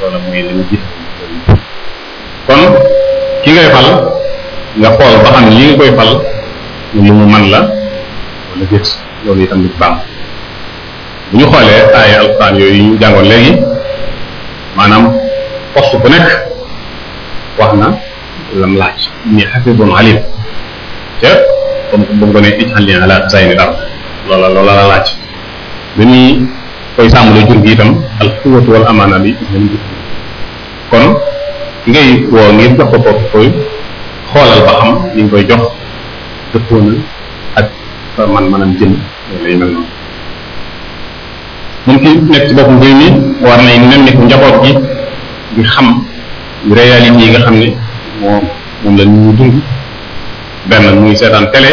loola mooy li mu gis kon ki ngay fal nga xool ba xam li nga koy fal lu mu man la wala déet loolu itam lu baax bu ñu xoolee ay alxuraan yooyu jàngoon léegi maanaam poste bu nekk wax na lam laaj ni xafibun alim te comme bu mu ko ne ijxal li ala zayni dar loola loola la laaj bi koy sàmmale jur gi itam al quwwatu wal amaana bi moom kon ngay jox ko porte koy xoolal ba xam li koy jox dëppoo na ak sa man manam jën wala yu mel noonu ki nekk ci bopp mbir mi war nay nemmiku njaboot gi di xam réalité yi nga xam ne moom moom la ñu dund benn muy seetaan télé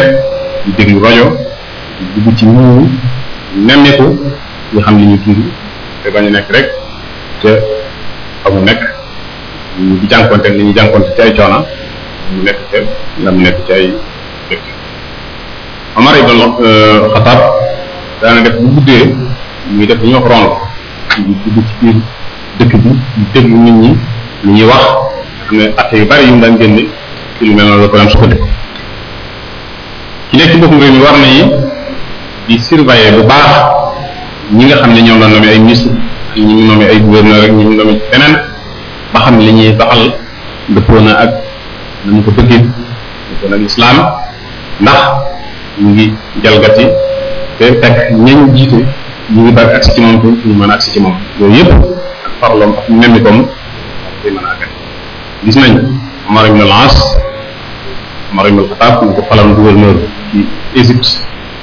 di déglu rajo di dugg ci ñuñu nemmiku ñu xam li ñuy dund te bañ nekk rek te amu nekk ñu di jànkonte li ñuy jànkonte ci coona mu nekk ca la mu nekk ci ay dëkk Omar ibn Xattaab daana def bu guddee muy def li ñuy wax ronl ñu dugg ci biir dëkk bi di déglu nit ñi li ñuy wax xam ne atte yu bari yu mu daan génne ci lu mel noonu la ko daan sukkandiku ci nekk ci boppam réew mi war na yi di surveiller bu baax ñi nga xam ne ñoom la nommé ay ministre ak ñi ñu nommé ay gouverneur ak ñi ñu nommé ci feneen ba xam li ñuy doxal dëppoo na ak nañu ko bëggee dëppoo na ak islaam ndax ñu ngi jalgati te fekk ñañ jiite ñu ngi bari agsi ci moom ko ñu mën a agsi ci moom yooyu yëpp ak farloom ak nemmikoom koy mën a àggat gis nañ Omar ibn al-As Omar ibn al-Khattab ñu ko falam gouverneur ci Égypte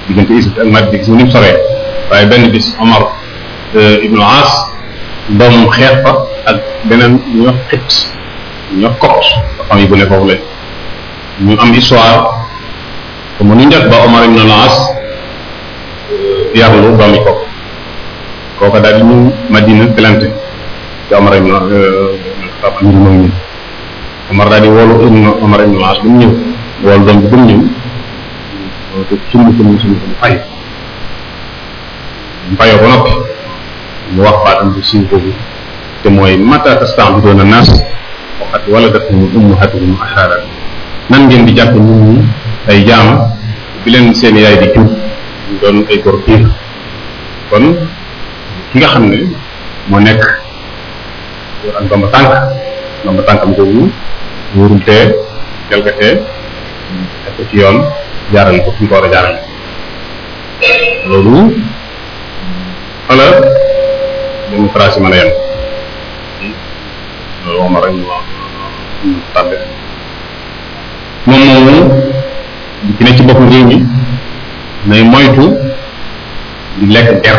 diggante Égypte ak Mali gis ñu ni mu soree waaye benn bis Omar euh, ibnu Aas doomam xeex fa ak beneen ñu wax xit ñu wax kot famille bu ne foofu la ñu am histoire mu nu njëkk ba Omar ibnu Aas euh, yarlu doomi ko kooka daal di ñu Madina plante ci Omar ibnu Xattaab euh, amir ba mu ñëw woolu doom bi ba mu ñëw mbayoo ba noppi mu wax baatam bu siiw boobu te mooy mata tasta'buduuna naas waqad waladathum ummahatuhum ahaaran nan ngeen di jàpp nit ay jaam bi leen seen yaay di jur ñu doon ay góor piir kon ki nga xam ne moo nekk yor ak ndomba tànk ndomba tànkam googu wóorul tee jalgatee ak ko ci yoon jaaral ko fi mu a jaaral loolu fa la démocratie mën a hmm? loolu wax na rek ñu wax moom moomu di ci bopp réew mi nay moytu di lekk ger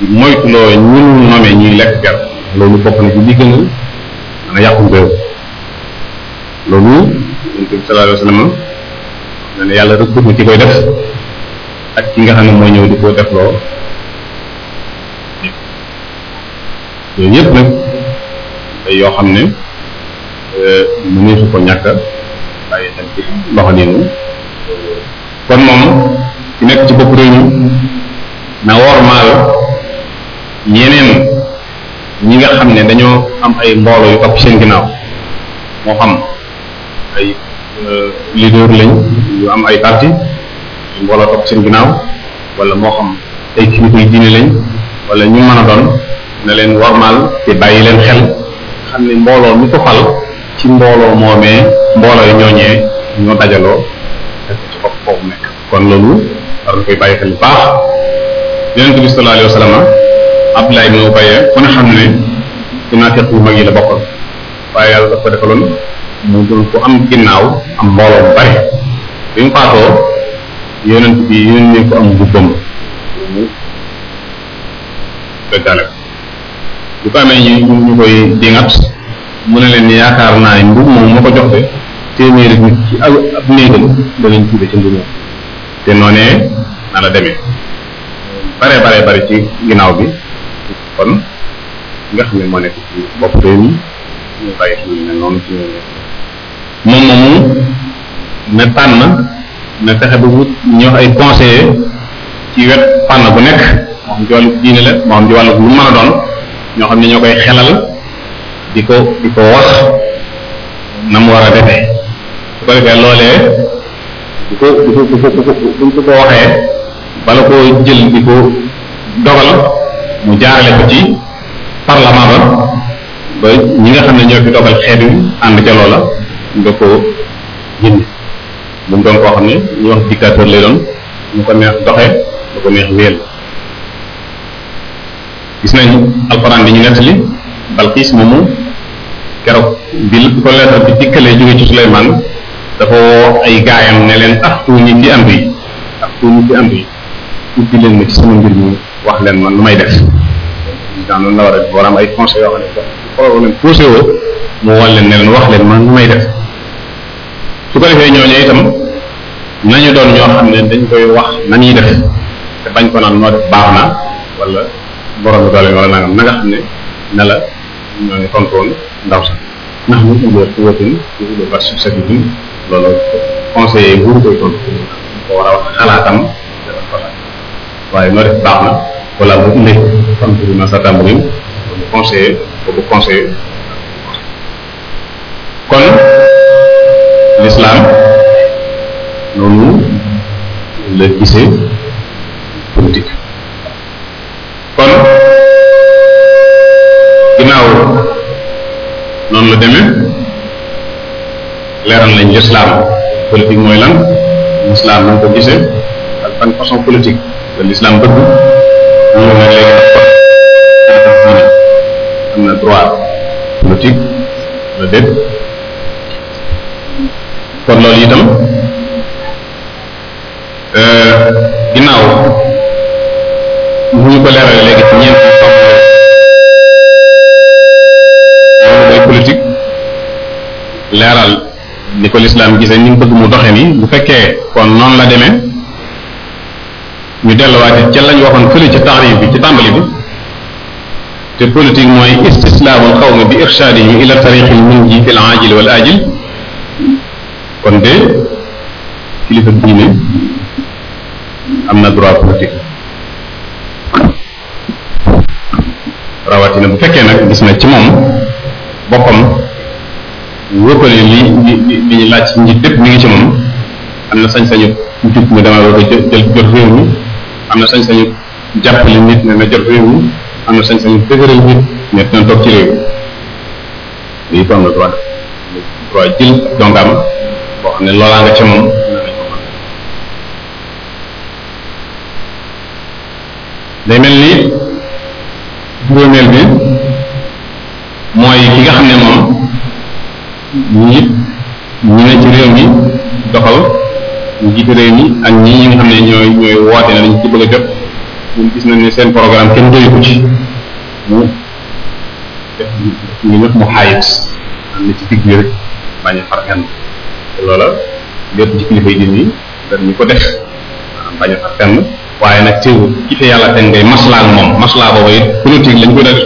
di moytu loo ñun nomee ñuy lekk ger loolu bokk na ci li gën a mën a yàqum réew loolu yonent bi yàlla rëbb na koy def ak ki nga xam ne moo ñëw di ko defloo yooyu yëpp nag yoo xam ne euh, mu neesu ko ñàkk a bàyyi xel ci doxalinu kon moom ki nekk ci bopp réew mi na wormaal yeneen ñi nga xam ne dañoo am ay mbooloo yu topp seen ginnaaw moo xam ay euh, leader lañ yu am ay parti yu mbooloo topp seen ginnaaw wala moo xam ay kilifa yu diine lañ wala ñu mën a doon na leen warmaal te bàyyi leen xel xam ne mbooloo mi ko fal ci mbooloo moomee mbooloo yi ñooñee ñoo dajaloo def ci bopp foofu nekk kon loolu war na koy bàyyi xel bu baax yonente bi sallallahu alayhi wa xam ne ci la bokkoon waaye yàlla daf ko defaloon mu doon ko am ginnaaw am mbooloo bu bi mu faatoo yonent bi yónnee ko am gubbam mu dajale ko bu ko amee ñu ñu koy dingat mu ne leen yaakaar naa mbir moom moo ko jox de téeméeri ci ab ab néegam danañ ci mbir moom te noonee na la demee bare bare bare ci ginnaaw bi kon nga xam ne moo nekk ci bopp réew mi ñu bàyyi ne noonu ci moom moomu ne tànn ne fexe ba wut ay conseiller ci wet fànn bu nekk moo xam ci wàllu diine la moo xam ci wàllu lu mën a doon ñoo xam ne ñoo koy xelal di ko di ko wax na mu war a defee su ko defee loolee bu ko bu ko bu ko bu ko ko waxee bala koo jël di ko dogal mu jaarale ko ci parlement ba ba ñi nga xam ne ñoo fi dogal xeet wi ànd ca loola nga ko génne bu mu doon koo xam ne ñu wax dictateur lay doon ñu ko neex doxee ñu ko neex wéel gis nañu alxuraan bi ñu nettali balxiis moomu keroog bi ko leetar bi dikkalee jóge ci Suleymaan dafa ay gaayam ne leen ak ni fi amri yi aftu ni leen ma ci sama mbir mi wax leen man lu may def président noonu la war ay conseil yoo xam ne xooloo leen posé woo mu woo leen may def su ko defee ñooñu itam nañu doon ñoo xam ne dañ koy wax nañuy def te bañ ko naan moo def baax na wala borom doole wala nangam na nga xam ne ne la ñoo ngi tontu woon ndaw sax ndax mu tuddee kuwatin tuddee ba succès bi dund loolu conseillers yi bu koy tontu ko war a wax xalaatam waaye noo def baax na wala bu nekk xam bi ma sa tàmbali bu conseiller boobu conseiller kon l'islam noonu la gisee politique noonu la demee leeral nañ lislaam politique mooy lan lislaam na ko gisee ak façon politique la lislaam bëgg ñu ne léegi nag kon itam euh, ginnaaw bu ñu ko leeralee léegi leeral ni ko lislaam gisee ni mu bëgg mu doxe ni bu fekkee kon noonu la demee ñu delluwaate ca lañu waxoon fële ci taarif bi ci tàmbali bi te politique mooy istislaamul xawmi bi irshaadihim ila tariqil munji fil ajil wal ajil kon de kilifa diine am na droit politique rawatina bu fekkee nag gis na ci moom boppam wóppale li li li ñu laaj ñi lépp mi ngi ci moom am na sañ-sañu jub ne dama war a jot réew mi am na sañ-sañu jàppale nit ne na jot réew mi am na sañ-sañu dëgëral nit ne toog ci réew lii ko am na jël dongaam boo xam ne loolaa nga ca moom day mel ni juróomeel bi mooy ki nga xam ne moom ñi ñu ne ci réew mi doxal ñu jiite réew mi ak ñi ñi nga xam ne ñooy ñooy woote ne dañ ci a jot gis nañ ne seen programme kenn doyu ko ci mu def ñu ñëpp mu xaayit am na ci digg bi bañ a far kenn loola lépp ci kilifa yi dindi dañu ko def bañ a far waaye nag teewul ci fi yàlla teg ngay maslaa ak moom maslaa boobu it politique lañ ko def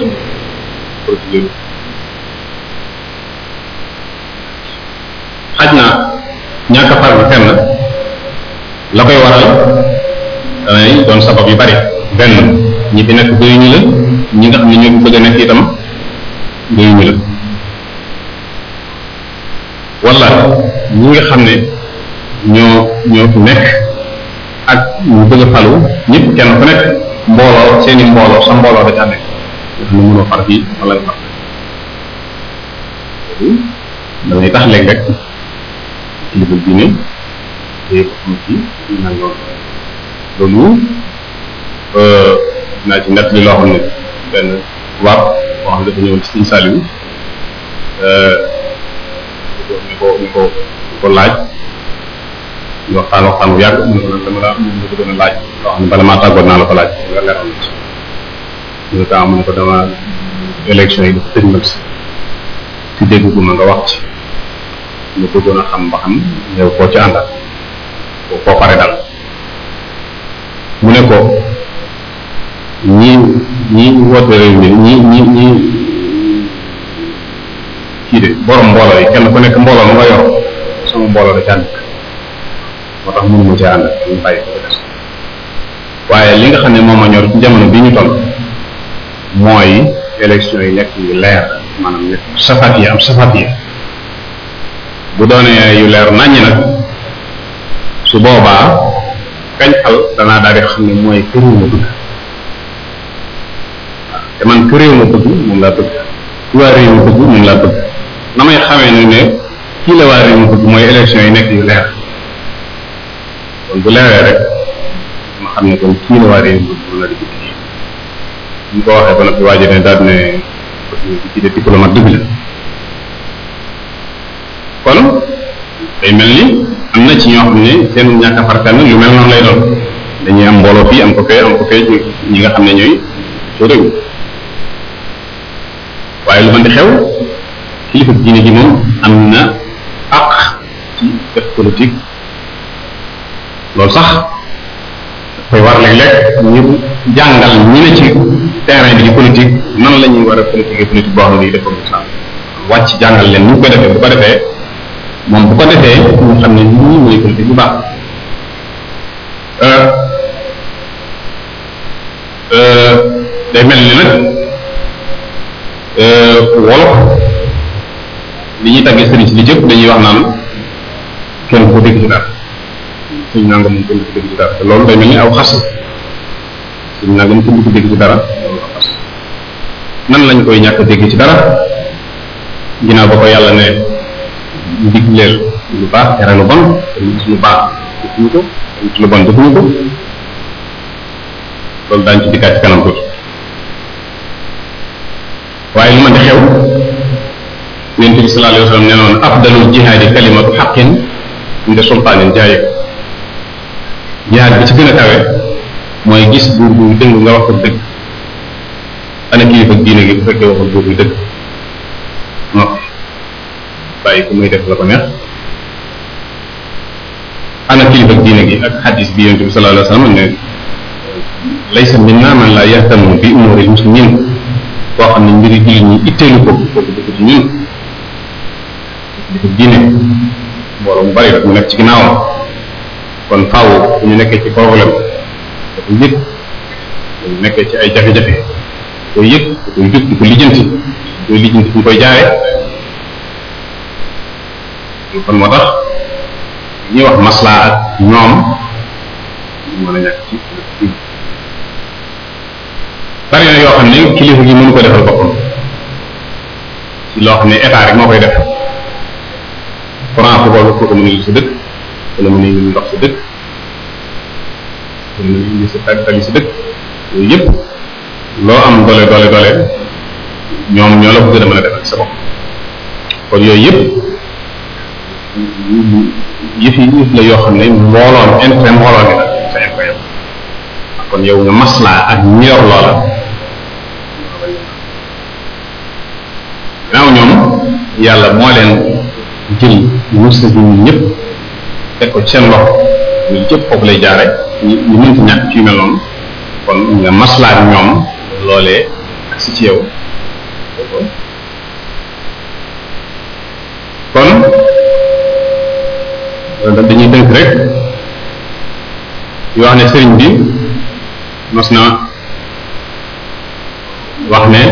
laaj naa ñàkk a farlu fenn la koy waral danay doon sabab yu bari benn ñi fi nekk bëri la ñi nga xam ne ñoo bëgg a nekk ñoo fi nekk ak ñu bëgg falu ñëpp kenn ku nekk mbooloo seeni mbooloo sa mbooloo da caa nekk xam ne mënoo far fii wala far da ngay tax léeg rek kilifa diine te bokk na ci nangoo loolu euh, naa ci nett li loo xam ne benn tubaab boo xam ne dafa ñëwoon ci Sëriñ Saliou euh, ni ko ni ko ni ko laaj ñu waxtaan waxtaan bu yàgg mu ne ko dama laa mu bëggoon laaj loo xam ne bala maa tàggoon naa la ko laaj nga leeral ñu ko dama élection yi dafa tëj ma nga wax ci ñu bëggoon a xam ba yow koo ci àndal koo pare dal mu ne ko ñii ñi woote ñii ñi ñi kii de borom mbooloo yi kenn ku nekk mbooloo ma nga yor sama mbooloo da ca nekk moo tax mënuma ci ànd ñu bàyyi ko des waaye li nga xam ne moom a ñor ci jamono bi ñu toll mooy élection yi nekk yu leer maanaam nekk safaat yi am safaat yi bu doonee yu leer naññ nag su boobaa kañ xal danaa daal di xam ne mooy këriw ma bëgg te man këriw ma bëgg moom laa bëgg ki ma bëgg moom laa bëgg na may ni ne kii la waa réew ma bëgg mooy élection yi nekk yu leer kon bu leeree rek ma xam ne kon kii la waa réew ma bëgg moom la di bëgg ñu ko waxee ba noppi waaj ne daal ne ci diplomate la kon day mel ni am na ci ñoo xam ne seen ñàkk a farfenn lu mel noonu lay doon dañuy am mbooloo fii am ko fee am ko fee ñi nga xam ne ñooy soo réew waaye lu mën di xew kilifa diine gi moom am na àq ci def politique loolu sax koy war léeg lekk ñu jàngal ñu ne ci terrain bi di politique nan la ñuy war a politique politique boo xam ne day def ko islam wàcc jàngal leen ñu ko defee bu ko defee moom bu ko defee ñu xam ne lii mooy politique bu baax euh, euh, de mel ni nag euh, wolof li ñuy tàggee sëriñ si li jëpp dañuy wax naan kenn ko dégg ci dara suñ naa nga kenn ko loolu day aw xas suñ naa nga moom kenn ko dégg ci dara nan lañ koy ñàkk dégg ci dara ginnaaw ba ko yàlla ne digleel lu baax tere lu bon te gis lu baax defuñu ko gis lu bon defuñu ko loolu daañu ci dikkaat ci kanam tuuti waaye lu ma di xew yonent bi sultaanin jaaye jihaad bi ci gën a kawe mooy gis buur buy dëng nga wax ko dëgg ana kilifa diine gi bu fekkee waxul buur buy dëgg bàyyi ko muy def la ko neex ana kilifa diine gi ak xadis bi yonent bi sallallahu alayhi wa sallam ne laysa minna man la yahtamu bi umuril muslimin koo xam ne mbiri jullit ñi itteelu ko kooku dugg ci ñun kilifa rek mu nekk ci ginnaawam kon faaw ñu nekkee ci problème da ci ay jafe-jafe da koy yëg di ko lijjanti da koy lijjanti fu mu koy jaare kon moo tax ñuy wax maslaa ak ñoom mën a ñàkk ci bari yoo xam ne kilifa gi mënu ko defal boppam ci loo xam ne état rek moo koy def courant fu ko fu ko mën a yëg sa dëkk wala mën ndox sa dëkk wala mën a sa dëkk yooyu yëpp loo am doole doole doole ñoom ñoo la ko gën a mën a defal sa bopp kon yooyu yëpp yëf yi la yoo xam ne mbooloon intérêt mbooloo mi la fexe kon yow nga maslaa ak ñor loola gannaaw ñoom yàlla moo leen jël mos a jël ñëpp teg seen loxo ñu jëpp foofu lay jaare ñu ñu mënti ñàkk ci mel kon nga maslaa ak ñoom loolee ak si ci yow kon. loolu dañuy tënk rek yoo xam ne sëriñ bi mos na wax ne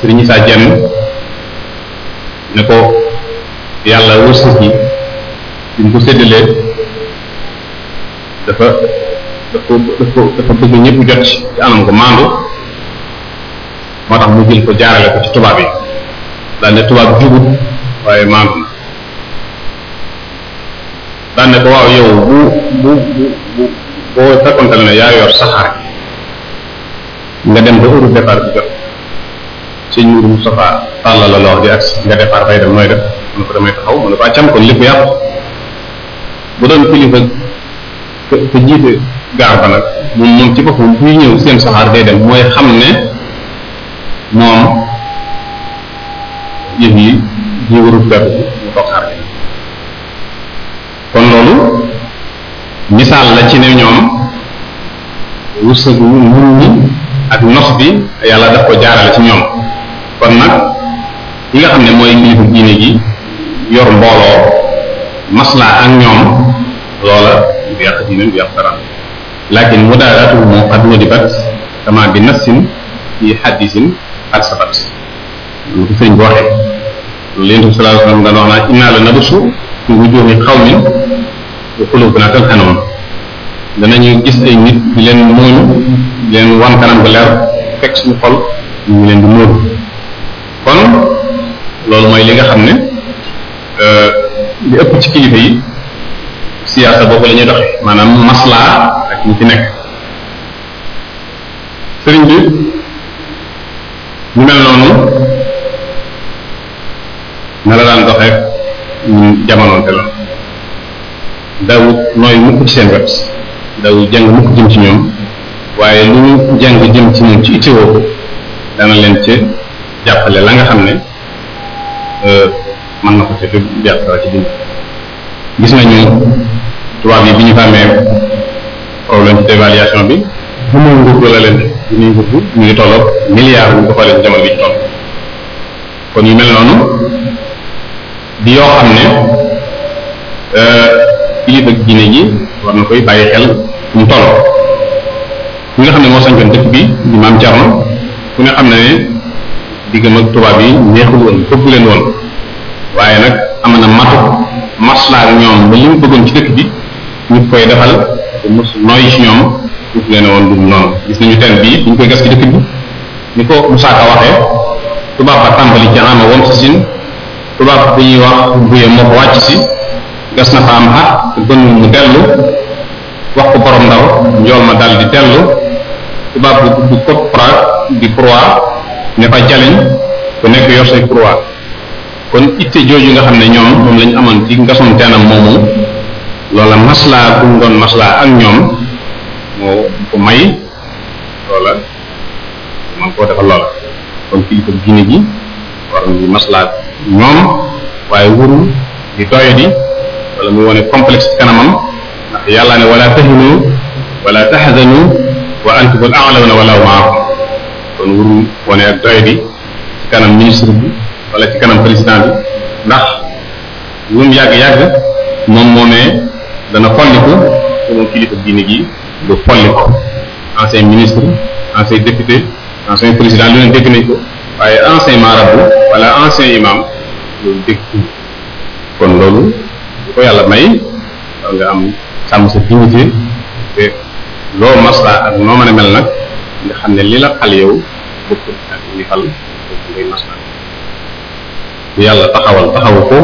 sëriñ Isaa Jenn ne ko yàlla wërsëg yi bi mu ko séddalee dafa dafa dafa dafa bëgg ñëpp jot ci anam ko maandu moo tax mu jël ko jaarale ko ci tubaab yi daal ne tubaab jubut waaye maandu na daan ne ko waaw yow bu bu bu boo fekkontal ne yaa yor saxaar nga dem ba heure départ bi jot sëñ Mourou Moustapha tàllal la loor di ak nga départ fay dem nooy def mu ne ko damay taxaw mu ne ko accam lépp yàqu bu doon kilifa ka ka jiite gaar ba nag moom moom ci boppam buy ñëw seen saxaar day dem mooy xam ne moom yëf yi ñi warul mu toog xaar loolu misaal la ci ne ñoom wërsëgu mun ak nos bi yàlla daf ko jaarale ci ñoom kon nag ki nga xam ne mooy kilifa diine gi yor mbooloo maslaa ak ñoom loola du yàq diine du yàq dara lakin mudaaraatuhu qad wujibat kama bi nassin fi hadisin qad sabat lu ko sëriñ bi waxee loolu yéen sallallahu alayhi wa sallam daan naa la nabusu fi wujuhi qawmin wa qulubuna talhanuun danañu gis ay nit di leen mooñu leen wan kanam bu leer fekk suñu xol ñu leen di móoru kon loolu mooy li nga xam ne euh, li ëpp ci kilifa yi siyaasa boobu lañuy ñuy doxe maanaam maslaa ak ñi ci nekk sëriñ bi ñu mel noonu na la daan doxee ñun jamonoonte la dawut nooy mukk ci seen wet dawut jàng mukk jëm ci ñoom waaye lu ñu jàng jëm ci ñoom ci ittiwoo ko dana leen ci jàppale la nga xam ne euh, mën na ko ci du jàpp dara ci bind gis nañu tubaab yi bi ñu amee problème ci dévaluation bi bu muy nguur leen ñu ngi tolloog milliard bu ñu ko xoolee ci jamono bi ñu toll kon yu mel noonu di yoo xam ne euh, kilifa diine gi war na koy bàyyi xel mu toll ki nga xam ne moo sañcoon dëkk bi di maam Thierno ku ne xam ne diggam ak tubaab yi neexul woon bëgg leen woon waaye nag am na matu maslaa ñoom ba li mu bëggoon ci dëkk bi ñu koy defal te mos nooy ci ñoom bëgg leen woon dum noonu gis nañu teen bii bu ñu koy gas ci dëkk bi ni ko Moussa Ka waxee tubaab ba tàmbali ci ama wam sa sin tubaab bu ñuy wax buye moo ko wàcc si gas na fa am at gënul mu dellu wax ko borom ndaw njool ma dal di dellu tubaab bu bu Côte Prague di croix ne fa jaleñ ku nekk yor say croix kon itte jooju nga xam ne ñoom moom lañ amoon ci ngasum teenam moomu loola maslaa bu mu maslaa ak ñoom moo ko may loola man koo defal loola kon kilifa diine gi war nañu maslaa ñoom waaye wurul di doy di wala mu wone complexe ci kanamam ndax yàlla ne wala tahinu wala tahzanu wa antumul a'lawna wala maakum kon wurul wone ak doy di ci kanam ministre bi wala ci kanam président bi ndax lu mu yàgg-yàgg moom moo ne dana folliku te moom kilifa diine gi du folliku ancien ministre ancien député ancien président lu ne dégg nañ ko waaye ancien marabout wala ancien imam loolu dégg kon loolu bu ko yàlla may nga am sàmm sa dignité loo masa ak noo mën mel nag nga xam ne li la xal yow bokkul yàlla taxawal taxawu ko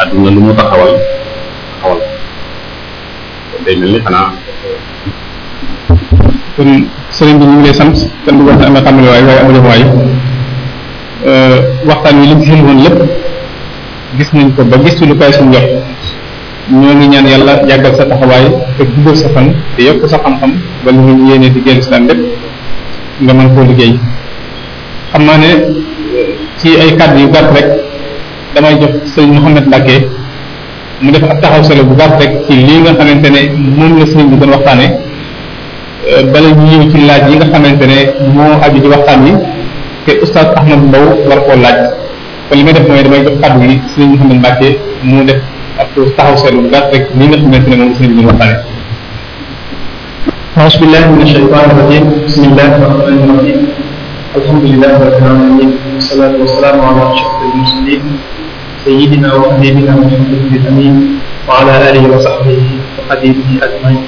àdduna lu mu taxawal taxawal ko day mel ni xanaa kon sëriñ bi ñu ngi lay sant kenn du wax ne am na tàmbali waay waaye euh, waxtaan wi li mu fi lépp gis nañ ko ba gistu lu koy suñu jot ñoo ngi ñaan yàlla yàggal sa taxawaay te guddal sa fan te yokk sa xam-xam ba lu ñu yéene di génn islam naa ne eh, ci ay kàddu yu gàtt rek damay jox sëñ Mouhamed mu def ab solo bu gàtt rek ci lii nga xamante ne moom la sëñ bi doon waxtaane eh, bala ñu ñëw ci laaj yi nga xamante ne moo aju ci waxtaan yi te Oustaz Ahmad Mbow war koo laaj kon li may def mooy damay jox kàddu gi sëriñ Mouhamed Mbacke mu def ab taxaw seetlu bu gàtt rek ni nga xamante ne moom sëriñ bi ñu waxtaane أعوذ بالله من الشيطان الرجيم بسم الله الرحمن الرحيم الحمد لله رب العالمين والصلاة والسلام على أشرف المرسلين سيدنا وحبيبنا محمد الأمين وعلى آله وصحبه وقديمه أجمعين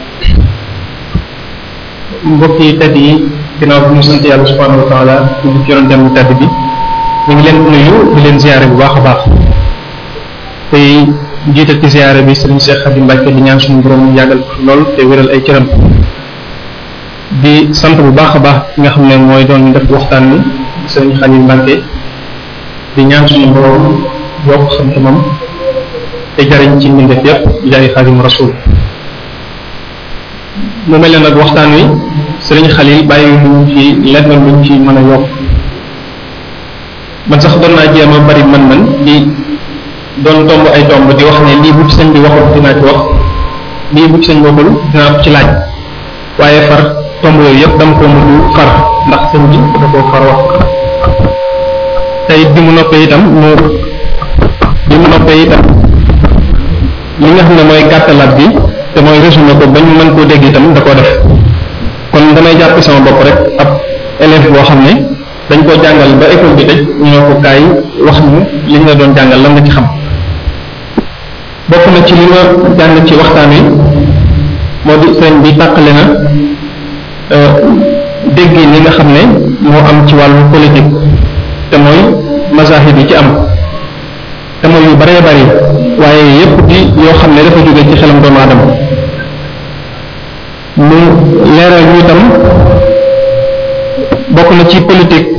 mbokk yi tedd yi ginnaaw bi ñu sant yàlla subhanahu wa taala ñu ci yoon dem tedd bi ñu leen nuyu leen ziyaare bu baax a baax tey jiital ci ziyaare bi sëriñ Cheikh Khadim Mbacke di ñaan suñu borom mu yàggal lool te ay cëram di sant bu baax a baax ki nga xam ne mooy doon def waxtaan bi sëriñ Khadim Mbacke di ñaan suñu borom yokk xam te jariñ ci mbindeef yépp jaay Xaadimu mu mel ne nag waxtaan wi sëriñ Xalil bàyyi luñ ci lenn luñ ci mën a yokk man sax doon naa jéem a bari man-man di doon tomb ay tomb di wax ne lii bu ci sëñ bi waxul dinaa ci lii bu ci sëñ waxul dinaa ko ci laaj waaye far tomb yooyu yëpp dama ko mujj far ndax sëñ bi da koo far wax tey bi mu noppee li nga xam ne mooy gàttalaat bi te mooy résumé ko ba ñu mën koo dégg itam da koo def kon damay jàpp sama bopp rek ab élève boo xam ne dañ koo jàngal ba école bi tëj ñoo ko kaay wax ñu li ñu la doon jàngal lan nga ci xam bokk na ci li ma jàng ci waxtaan wi moo di sëñ bi tàqale na euh, dégg li nga xam ne moo am ci wàllu politique te mooy mazahib yi ci am te mooy yu baree bëri waaye yépp di yoo xam ne dafa jóge ci xelam doomu aadama mu leeral ñu bokk na ci politique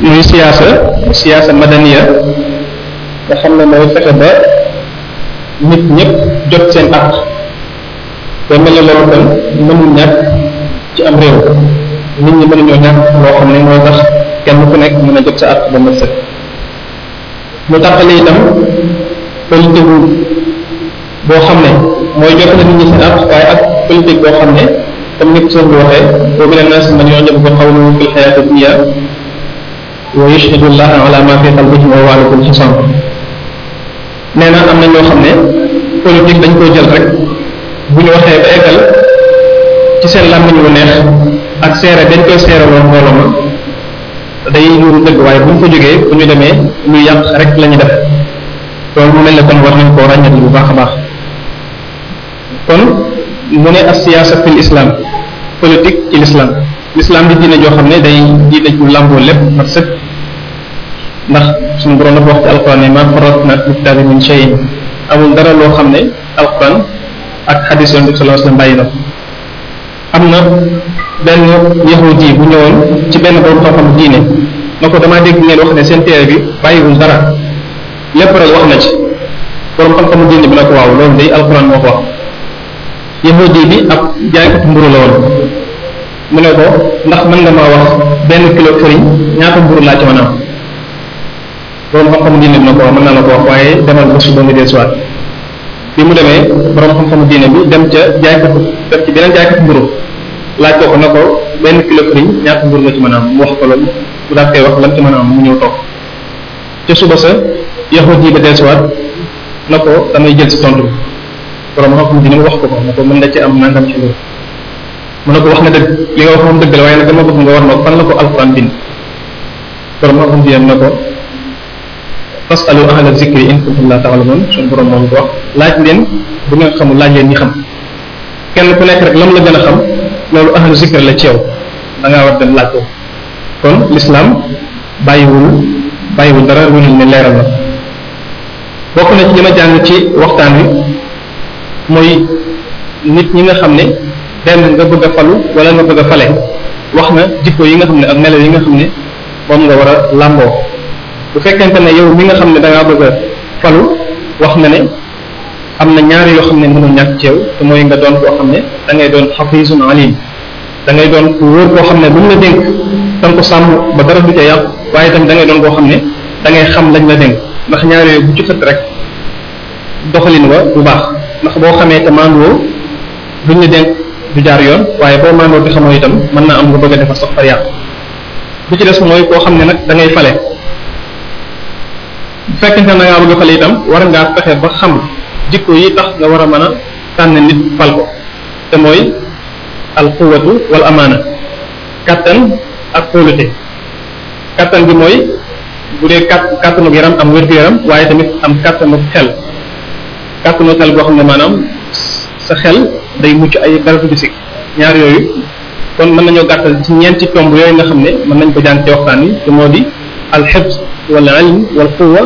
muy siyaasa siyaasa madaniya nga xam ne mooy fexe ba nit ñëpp jot seen àq te mel ne loolu kon mënul ñàkk ci am réew nit ñi mënuñoo ñàkk loo xam ne mooy tax kenn ku nekk mën a jot sa àq ba mën set mu tàqale itam politique boo xam ne mooy jot na nit ñi seen àq waaye ak politique boo xam ne comme ni ko sëñ bi waxee wa mina naasi man yu'jabu qawluhu fil hayaati dunya maa fi qalbihim wa huwa ala kulli nee na am na ñoo xam ne politique dañ koy jël rek bu ñu waxee ba eggal ci seen làmmiñ wu neex ak seere dañ koy seere loolu mbooloo ma day ñuuru dëgg waaye bu ñu ko jógee bu ñu demee ñu yàq rek la ñu def mu mel ne kon war nañ koo ràññat bu baax a baax kon mu ne as siyaasa fil islam politique ci l'islam l'islam di diine joo xam ne day diine ju làmboo lépp mat sëkk ndax suñu borom dafa wax ci alquran ne maa faratna amul dara loo xam ne alquran ak xadis yoon bi sallallahu alayhi wasallam bàyyi na am na benn yahudi bu ñëwoon ci benn borom xam-xam diine na ko damaa dégg ngeen wax ne seen téere bi bàyyiwul dara lépp rek wax na ci borom xam-xamu diine bi na ko waaw loolu day alquran moo ko yahudi bi ab jaaykatu mburu la woon mu ne ko ndax mën nga maa wax benn kilo fëriñ ñaata mburu laa ci mën a am loolu xam-xamu diine bi na wax mën naa la ko wax waaye demal ba suba nga dee soit bi mu dem ca jaaykatu def ci mburu laaj ko ko na ko benn kilo fëriñ ñaata mburu ci mën a am mu wax ko loolu mën a am mu ñëw suba sa yahut yi dee soit na ko damay jël si tontu borom xam-xamu diine bi wax ko ko na nga ci am nangam ci mburu mu ne ko wax na dëgg li nga wax moom dëgg la waaye nag dama bëgg nga war ma fan la ko alxuraan bind borom moo xam ne ne ko fasalu ahla zikri in kuntum la ta'lamun suñu borom moom ko laaj leen bu ngeen xamul laaj leen ñi xam kenn ku nekk rek la gën a xam loolu ahlu zikri la ci yow da ngaa ko kon l'islam bàyyiwul bàyyiwul dara lu ne leeral na bokk na ci li ma jàng ci waxtaan wi mooy nit ñi nga xam ne. benn nga bëgg a falu wala nga bëgg a fale wax nga jikko yi nga xam ne ak melo yi nga xam ne moom nga war a làmboo bu fekkente ne yow mi nga xam ne da ngaa a falu wax na ne am na ñaari yoo xam ne mënul ñàkk ci nga doon koo xam ne da ngay doon xafisun alim da ngay doon ku wóor koo xam ne buñ la dénk da nga ko sàmm ba dara du ca yàqu waaye tamit da ngay doon koo xam ne da ngay xam lañ la dénk ndax ñaari yooyu bu rek doxalin wa bu baax ndax boo xamee te maandu woo duñ la dénk du jaar yoon waaye boo maandoo te xamoo itam mën naa am nga bëgg a defar sax far yàqu bi ci des mooy koo xam ne nag da ngay fale bu fekkente ne da bëgg a fale itam war ngaa fexe ba xam jikko yi tax nga war a mën a tànn nit fal ko te mooy al quwwatu wal amaana kattan ak kóolute kattan bi mooy bu dee kat kattanu yaram am wér gu yaram waaye tamit am kattanu xel kattanu xel boo xam ne maanaam sa xel day mucc ay dara du si ñaar yooyu kon mën nañoo gàttal ci ñeenti tomb yooyu nga xam ne mën nañ ko jàng ci waxtaan yi te moo di al xifz wal wal quwa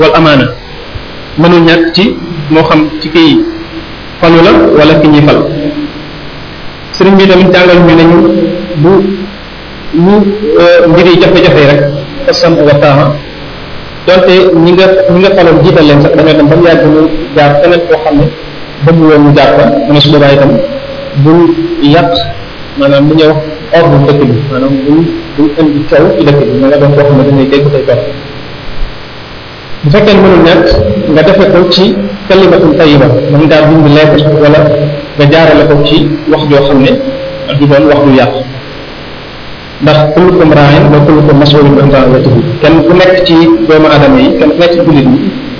wal amaana ci moo xam ci kiy falu la wala ki ñuy fal sëriñ bi tamit jàngal ñu ne bu ñu euh, mbir yi jafe-jafe rek asam wa taama donte ñi nga ñi nga faloon jiital leen sax dañoo dem ba mu yàgg ñu jaar feneen koo xam ne bëgg woon ñu jàpp mu ne su boobaa itam buñ yàq maanaam bu ñuy wax ordre dëkk bi maanaam buñ buñ indi coow ci dëkk bi na nga doon koo xam ne bu fekkee ne nekk nga defe ko ci kalimatul tayiba ba mu daal bind lettre wala nga jaarale ko ci wax joo xam ne du doon wax du yàq ndax kullukum raayin wa kullukum mas'ulun an ra'iyyatihi kenn ku nekk ci doomu aadama yi kenn ku nekk yi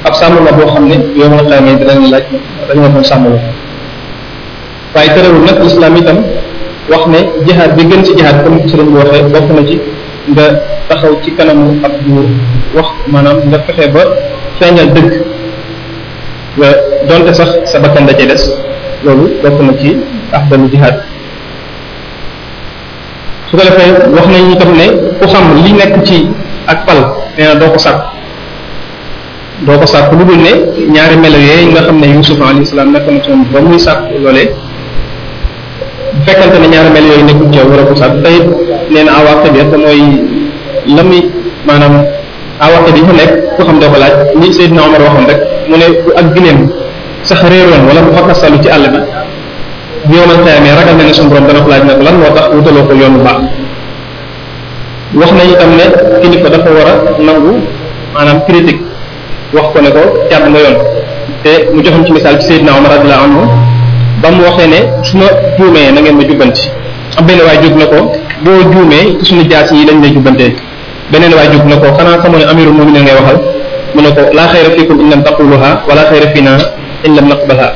ab sàmm boo xam ne yow ma xayma dinañ laaj dañ ma ko sàmm la waaye terewul nag lislaam itam wax ne jihaad bi gën ci jihaad comme ko sëriñ bokk na ci nga taxaw ci kanamu ab maanaam nga fexe ba feeñal dëgg nga donte sax sa bakkan da cay des loolu bokk na ci afdalu jihaad su ko defee wax nañu itam ne ku xam li nekk ci ak pal nee na doo ko sàkk doo ko sàkk lu dul ne ñaari melo yooyu nga xam ne Yusuf alayhi salaam nekk na ba muy sàkk loolee bu fekkante ne ñaari melo yooyu nekkul ca war a ko sàkk tey nee na awaqib ya te mooy la muy maanaam awaqib yi fa nekk ku xam doo ko laaj ni Seydina Omar waxoon rek mu ne bu ak gileem sax réeroon wala bu fakka ci àll bi bu yoomal xayamee ragal na ne suñu borom dana ko laaj ne ko lan moo tax wutaloo ko yoon baax wax nañu tam ne kilifa dafa war a nangu maanaam critique wax ko ne ko jàdd nga yoon te mu joxoon ci misaal ci Seydina Omar na anhu ba mu waxee ne su ma juumee na ngeen ma jubbanti am benn waay jóg na ko boo juumee ci suñu jaar yi lañ lay jubbantee beneen waay jóg na ko xanaa xamoo ne amirul mu'minin ngay waxal mu ne ko laa xayra fiikum in lam taquluha wala xayra fiina in lam naqbalha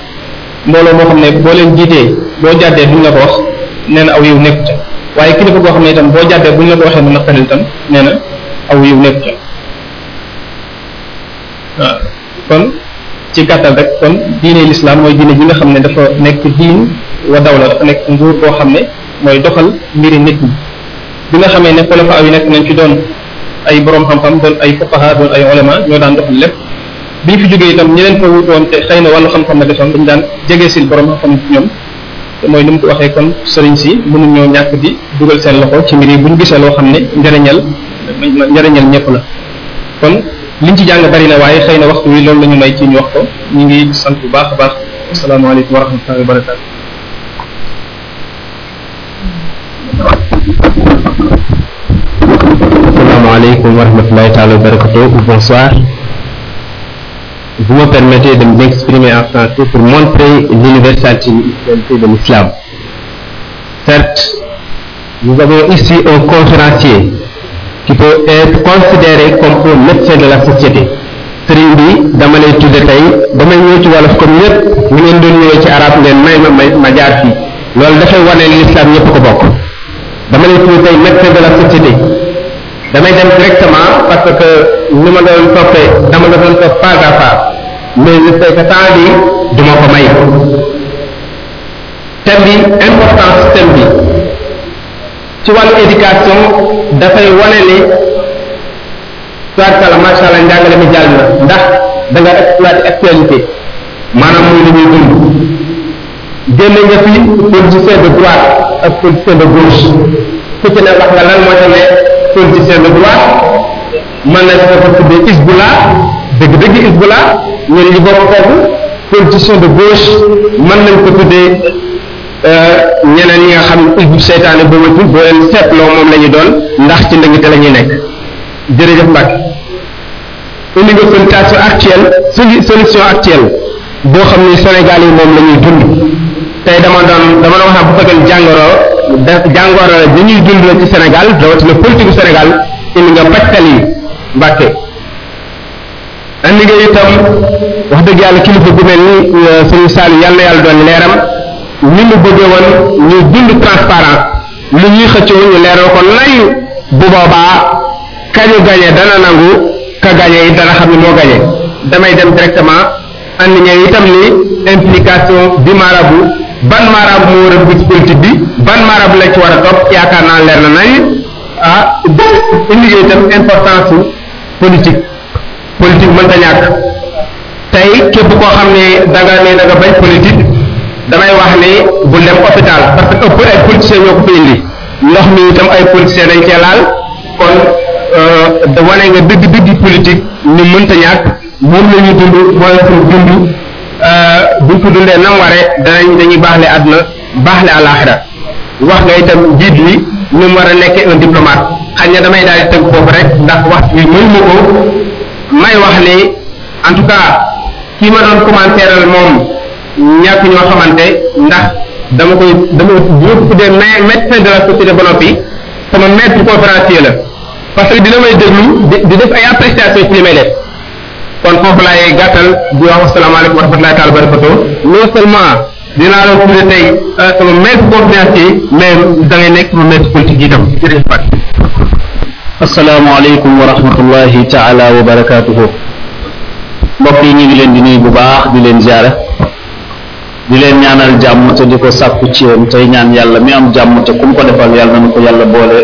mbooloo moo xam ne boo leen jiitee boo jàddee duñ la ko wax nee na aw yiw nekku ca waaye kilifa boo xam ne itam boo jàddee ñu la ko waxee mu naqaril tam nee na aw yiw nekku waaw euh, kon ci gàttal rek kon diine lislaam mooy diine ji nga xam ne dafa nekk diin wa la dafa nekk nguur boo xam ne mooy doxal mbiri nit ñi bi nga xamee ne xulafaa yi nekk nañ ci doon ay borom xam-xam doon ay fuqaha ay ulama ñoo daan doxal lépp bi ñu jógee itam ñi leen fa wutoon te xëy na wàllu xam-xam la dañu daan jege sil borom xam-xam ñoom te mooy ni mu ko waxee kon sëriñ si mënuñoo ñàkk di dugal seen loxo ci mbir yi bu ñu loo xam ne njëriñal njëriñal ñëpp la liñ ci jàng bari waaye xëy na waxtu wi loolu la ñu may ci ñu wax ko ñu ngi sant bu baax baax asalaamaaleykum wa rahmatullahi wa barakaatu asalaamaaleykum barakatu bonsoir vous me permettez de m'exprimer en français pour montrer l'universalité de l'islam certes nous avons ici un conférencier qui ko être considéré comme un médecin de la société sëriñ bi dama lay tudde tey damay ñëw ci wolof comme ñëpp ñu ngeen doon ci arab ngeen may ma may ma jaar fii loolu dafay wane l'islam ñëpp ko bokk dama lay tudde tey médecin de la société damay dem directement parce que ni ma doon toppee dama la doon topp pas à mais je temps bi du ma ko may thème bi importance thème bi ci wàllu éducation dafay wane ni tubaarkàlla macha allah njàngale mi jàll na ndax da nga exploité actualité maanaam muy li ñuy dund génne nga fi politicien de droite ak politicien de gauche ku ne wax lan moo tax ne politicien de droite mën nañ ko tuddee Hizbullah dëgg-dëgg Hizbullah ñun ñi foofu politicien de gauche mën nañ ko tuddee Euh, ñeneen ñi nga xam ibu seytaane ba wëccul boo leen seetloo moom la doon ndax ci ndëngte la ñuy nekk jërëjëf Mbacke indi nga solution actuelle solution actuelle boo xam ni Sénégal yi moom la ñuy dund tey dama doon dama doon wax naa bu fekkee jàngoro jàngoro la ñuy dund la ci Sénégal rawatina politique bu Sénégal indi nga pajtal yi Mbacke indi nga itam wax dëgg yàlla kilifa bu mel ni euh, suñu saal yàlla na yàlla doon ni mu bëggee woon ñu bind transparent lu ñuy xëccoo ñu leeral ko nañ bu boobaa kañu gañe dana nangu ka gañe it dana xam ne moo gañe damay dem directement andi ñëw itam ni implication bi marabu ban marabu moo war a dugg bi ban marabu la ci war a yaakaar naa leer na nañ ah indi itam importance su politique politique mënta ñàkk tey képp koo xam ne da nga ne da bañ politique damay wax ni bu dem hôpital parce que ëpp ay politiciens ñoo ko fi ndox mi itam ay politiciens dañ cee laal kon da euh, nga dëgg dëgg politique ñu mënta ñàkk moom la ñuy dund mooy pour dund euh, buñ ko dundee nam waree danañ dañuy baaxle baax baaxle àllaaxira wax nga itam jiit li ni mu war a nekkee un diplomate xañ na damay daal di tënk foofu rek ndax wax bi mën ma ko may wax ni en tout cas kii ma doon commentaire moom ñàkk ñoo xamante ndax dama koy dama bu ma ko tuddee médecin de la société ba noppi sama maître conférencier la parce que dina may déglu di def ay appréciation ci li may def kon foofu laay gàttal di wax asalaamaaleykum wa rahmatullahi taala barakatu non seulement dinaa la tudde tey euh, sama maître conférencier mais da ngay nekk sama maître politique itam jërëjëf Fatou asalaamaaleykum wa rahmatullahi taala wa barakatuhu mbokk yi ñu ngi leen di nuyu bu baax di leen ziara di leen ñaanal jàmm te di ko sàkku ci yéen tey ñaan yàlla mi am jàmm te ku mu ko defal yàlla na ko yàlla boole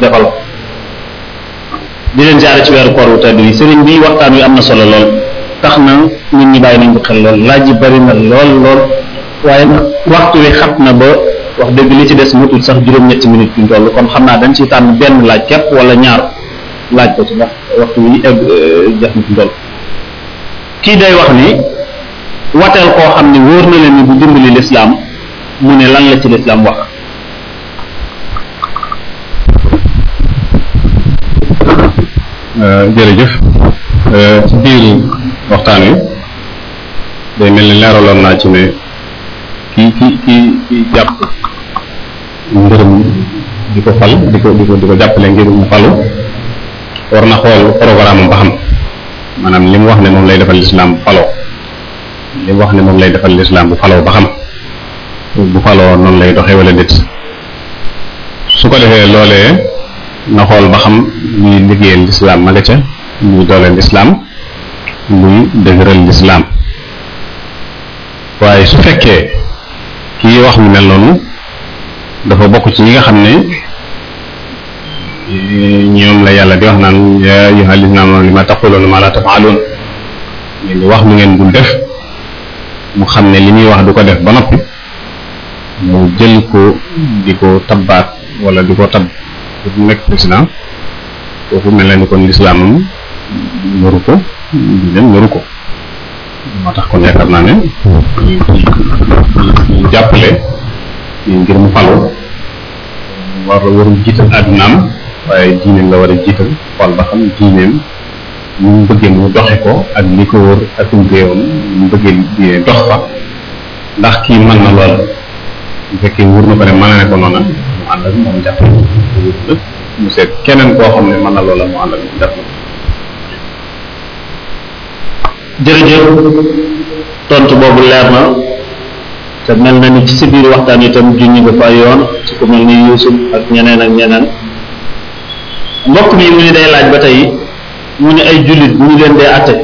defal ko di leen jaare ci weeru koor wu tedd yi sëriñ bi waxtaan wi am na solo lool tax na nit ñi bàyyi nañ ko xel lool laaj yi bari na lool lool waaye waxtu wi xat na ba wax dëgg li ci des matul sax juróom-ñetti minutes fi ñu toll kon xam naa dañ ciy tànn benn laaj képp wala ñaar laaj ko ci ndax waxtu wi egg eh, jax na fi ñu toll kii day wax wateel koo xam ne wóor na leen ni bu dimbali lislaam mu ne lan la ci lislaam wax euh, jërëjëf euh, ci biir waxtaan wi day mel ni leeraloon naa ci ne kii kii kii jàpp mbërëm di ko fal di ko di ko jàppale ngir mu falu war na xool programme ba xam maanaam li mu wax ne moom lay defal lislaam faloo li wax ne moom lay defal lislaam bu faloo ba xam bu faloo noonu lay doxee wala nit su ko defee loolee na xool ba xam muy liggéeyal lislaam ma nga ca muy dooleel lislaam muy dëgëral lislaam waaye su fekkee kii wax mu ne noonu dafa bokk ci ñi nga xam ne ñoom la yàlla di wax naan yaa ayyuhaa llaziina aamanu lima taquuluuna maa laa taf'aluun wax mu ngeen bul def mu xam ne li muy wax du ko def ba noppi mu jël ko di ko tabbaat wala di ko tab bu nekk président kooku mel na kon lislaamam ñoru ko diineem ñoru ko moo tax kon yaakaar naa ne ñu ñu jàppale ngir mu falu war warul jiital àddunaam waaye diineem la wara a jiital xool ba xam diineem mu bëggee mu doxe ko ak li ko wër ak um réewam mu bëggee dox fa ndax kii mën na lool bu fekkee wóor na ko ne mën na ne mu ànd ak keneen koo xam ne mën na loola mu tontu boobu leer na te mel na ni ci si biir waxtaan itam junñi nga fa yoon ci ku mel ni Yuusuf ak ñeneen ak ñeneen mbokk mi mu ni day laaj ba tey mu ne ay jullit bu ñu leen dee atte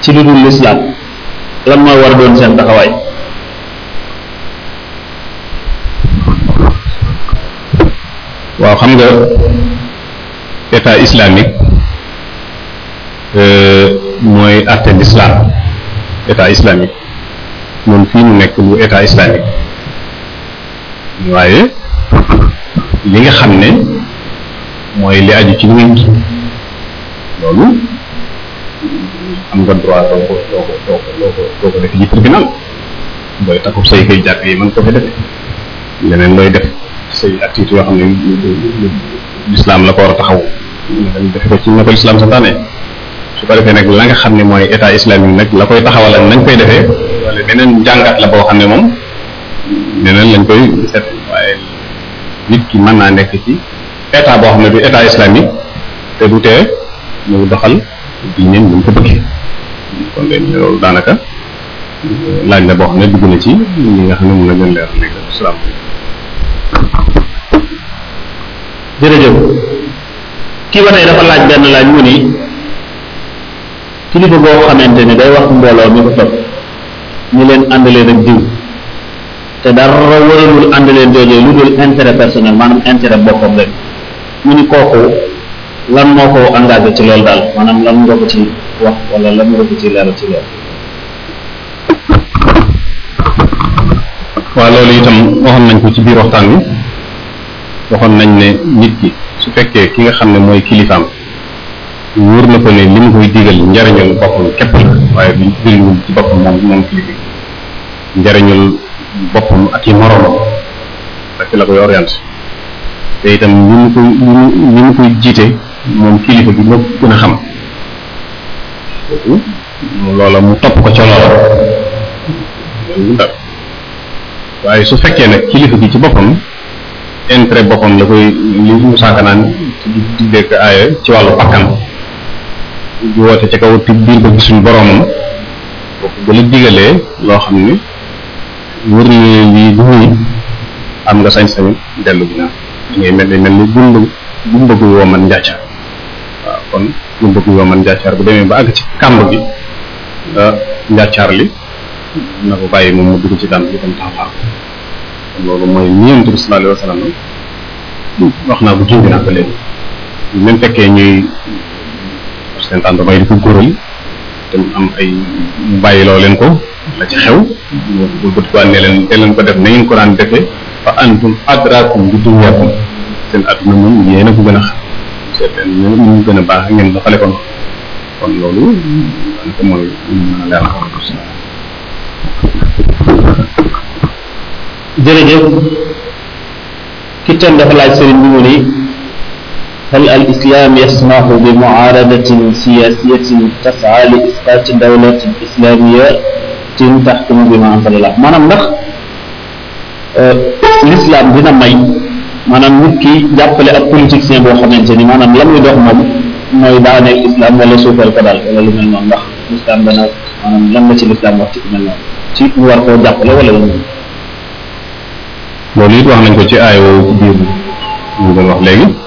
ci lu dul lislaam lan mooy war a doon seen taxawaay waaw xam nga état islamique euh, mooy atte lislaam état islamique moom fii ñu nekk lu état islamique waaye li nga xam ne mooy li aju ci nit loolu am nga droit doo ko doo ko doo ko doo ko doo ko defee ci tribunal booy takku say koy jàpp yi mën ko fi defee leneen looy def say activité yoo xam ne la ko war taxaw nga ko ci na ko lislaam santaane su ko defee nag la nga xam ne mooy état islamique nag la koy taxawal ak nañ koy defee wala beneen jàngat la boo xam ne moom neneen lañ koy nit ki mën naa nekk ci état boo xam ne du état islamique te du tee ñëw doxal diineem ñu ko daanaka laaj la boo xam ne dugg na ci ñi nga xam ne mun na gën leer nekk asalaamaaleykum jërëjëf kii ba dafa laaj benn laaj mu ni kilifa boo xamante ni day wax mbooloo mi ko topp ñu leen ànd leen ak diw te dara waralul ànd leen joojee lu dul intérêt personnel maanaam intérêt boppam rek mu ni kooku lan moo ko engagé ci loolu daal maanaam lan nga ko ci wax wala lan nga ko ci leeral ci loolu. waaw loolu itam waxoon nañ ko ci biir waxtaan bi waxoon nañ ne nit ki su fekkee ki nga xam ne mooy kilifaam wóor na ko ne li mu koy digal njariñul boppam ci boppam moom moom kilifa ak yi moroomam rek la koy orienté te itam li mu koy li mu koy jiite moom kilifa bi moo gën a xam loola mu topp ko ca loola loolu ndax waaye su fekkee nag kilifa bi ci boppam intérêt boppam la koy li mu saakanaan di dégg aaya ci wàllu bakkan di woote ci kaw biir ba gisuñ boroomam kooku bu la digalee loo xam ne wër na lii du muy am nga sañ-sañ dellu ginnaaw da mel ni kon mu bëgg nga man njàccaar bu demee ba àgg ci kàmb gi ah, njàccaar li na ko bàyyi moom mu dugg ci dàmb gi tam taxawaar ko loolu mooy ñeent bi sallallahu alayhi wax naa ko junj naa ko léegi même fekkee ñuy seen tàndamay di ko góoral te am ay bàyyiloo leen ko la ci xew bu bët ko ne leen te leen ko def na ko daan defee fa antum adrakum bi dunyakum seen adduna moom yéena ko gën a xam seet leen ñu mu gën a baax ngeen doxale ko kon loolu daanaka mooy mën a leeral jërëjëf ki tam dafa laaj sëriñ bi mu ni hal al islam yasmahu maanaam ndax euh, l'islam dina may maanaam nit ki jàppale ab politicien boo xamante ni maanaam la muy dox moom mooy daaneel islam wala suufal ko daal wala lu mel noonu ndax islam dana maanaam lan la ci lislaam wax ci lu ci ñu war koo jàppale loolu it wax nañ ko ci aay woowu biir ñu doon léegi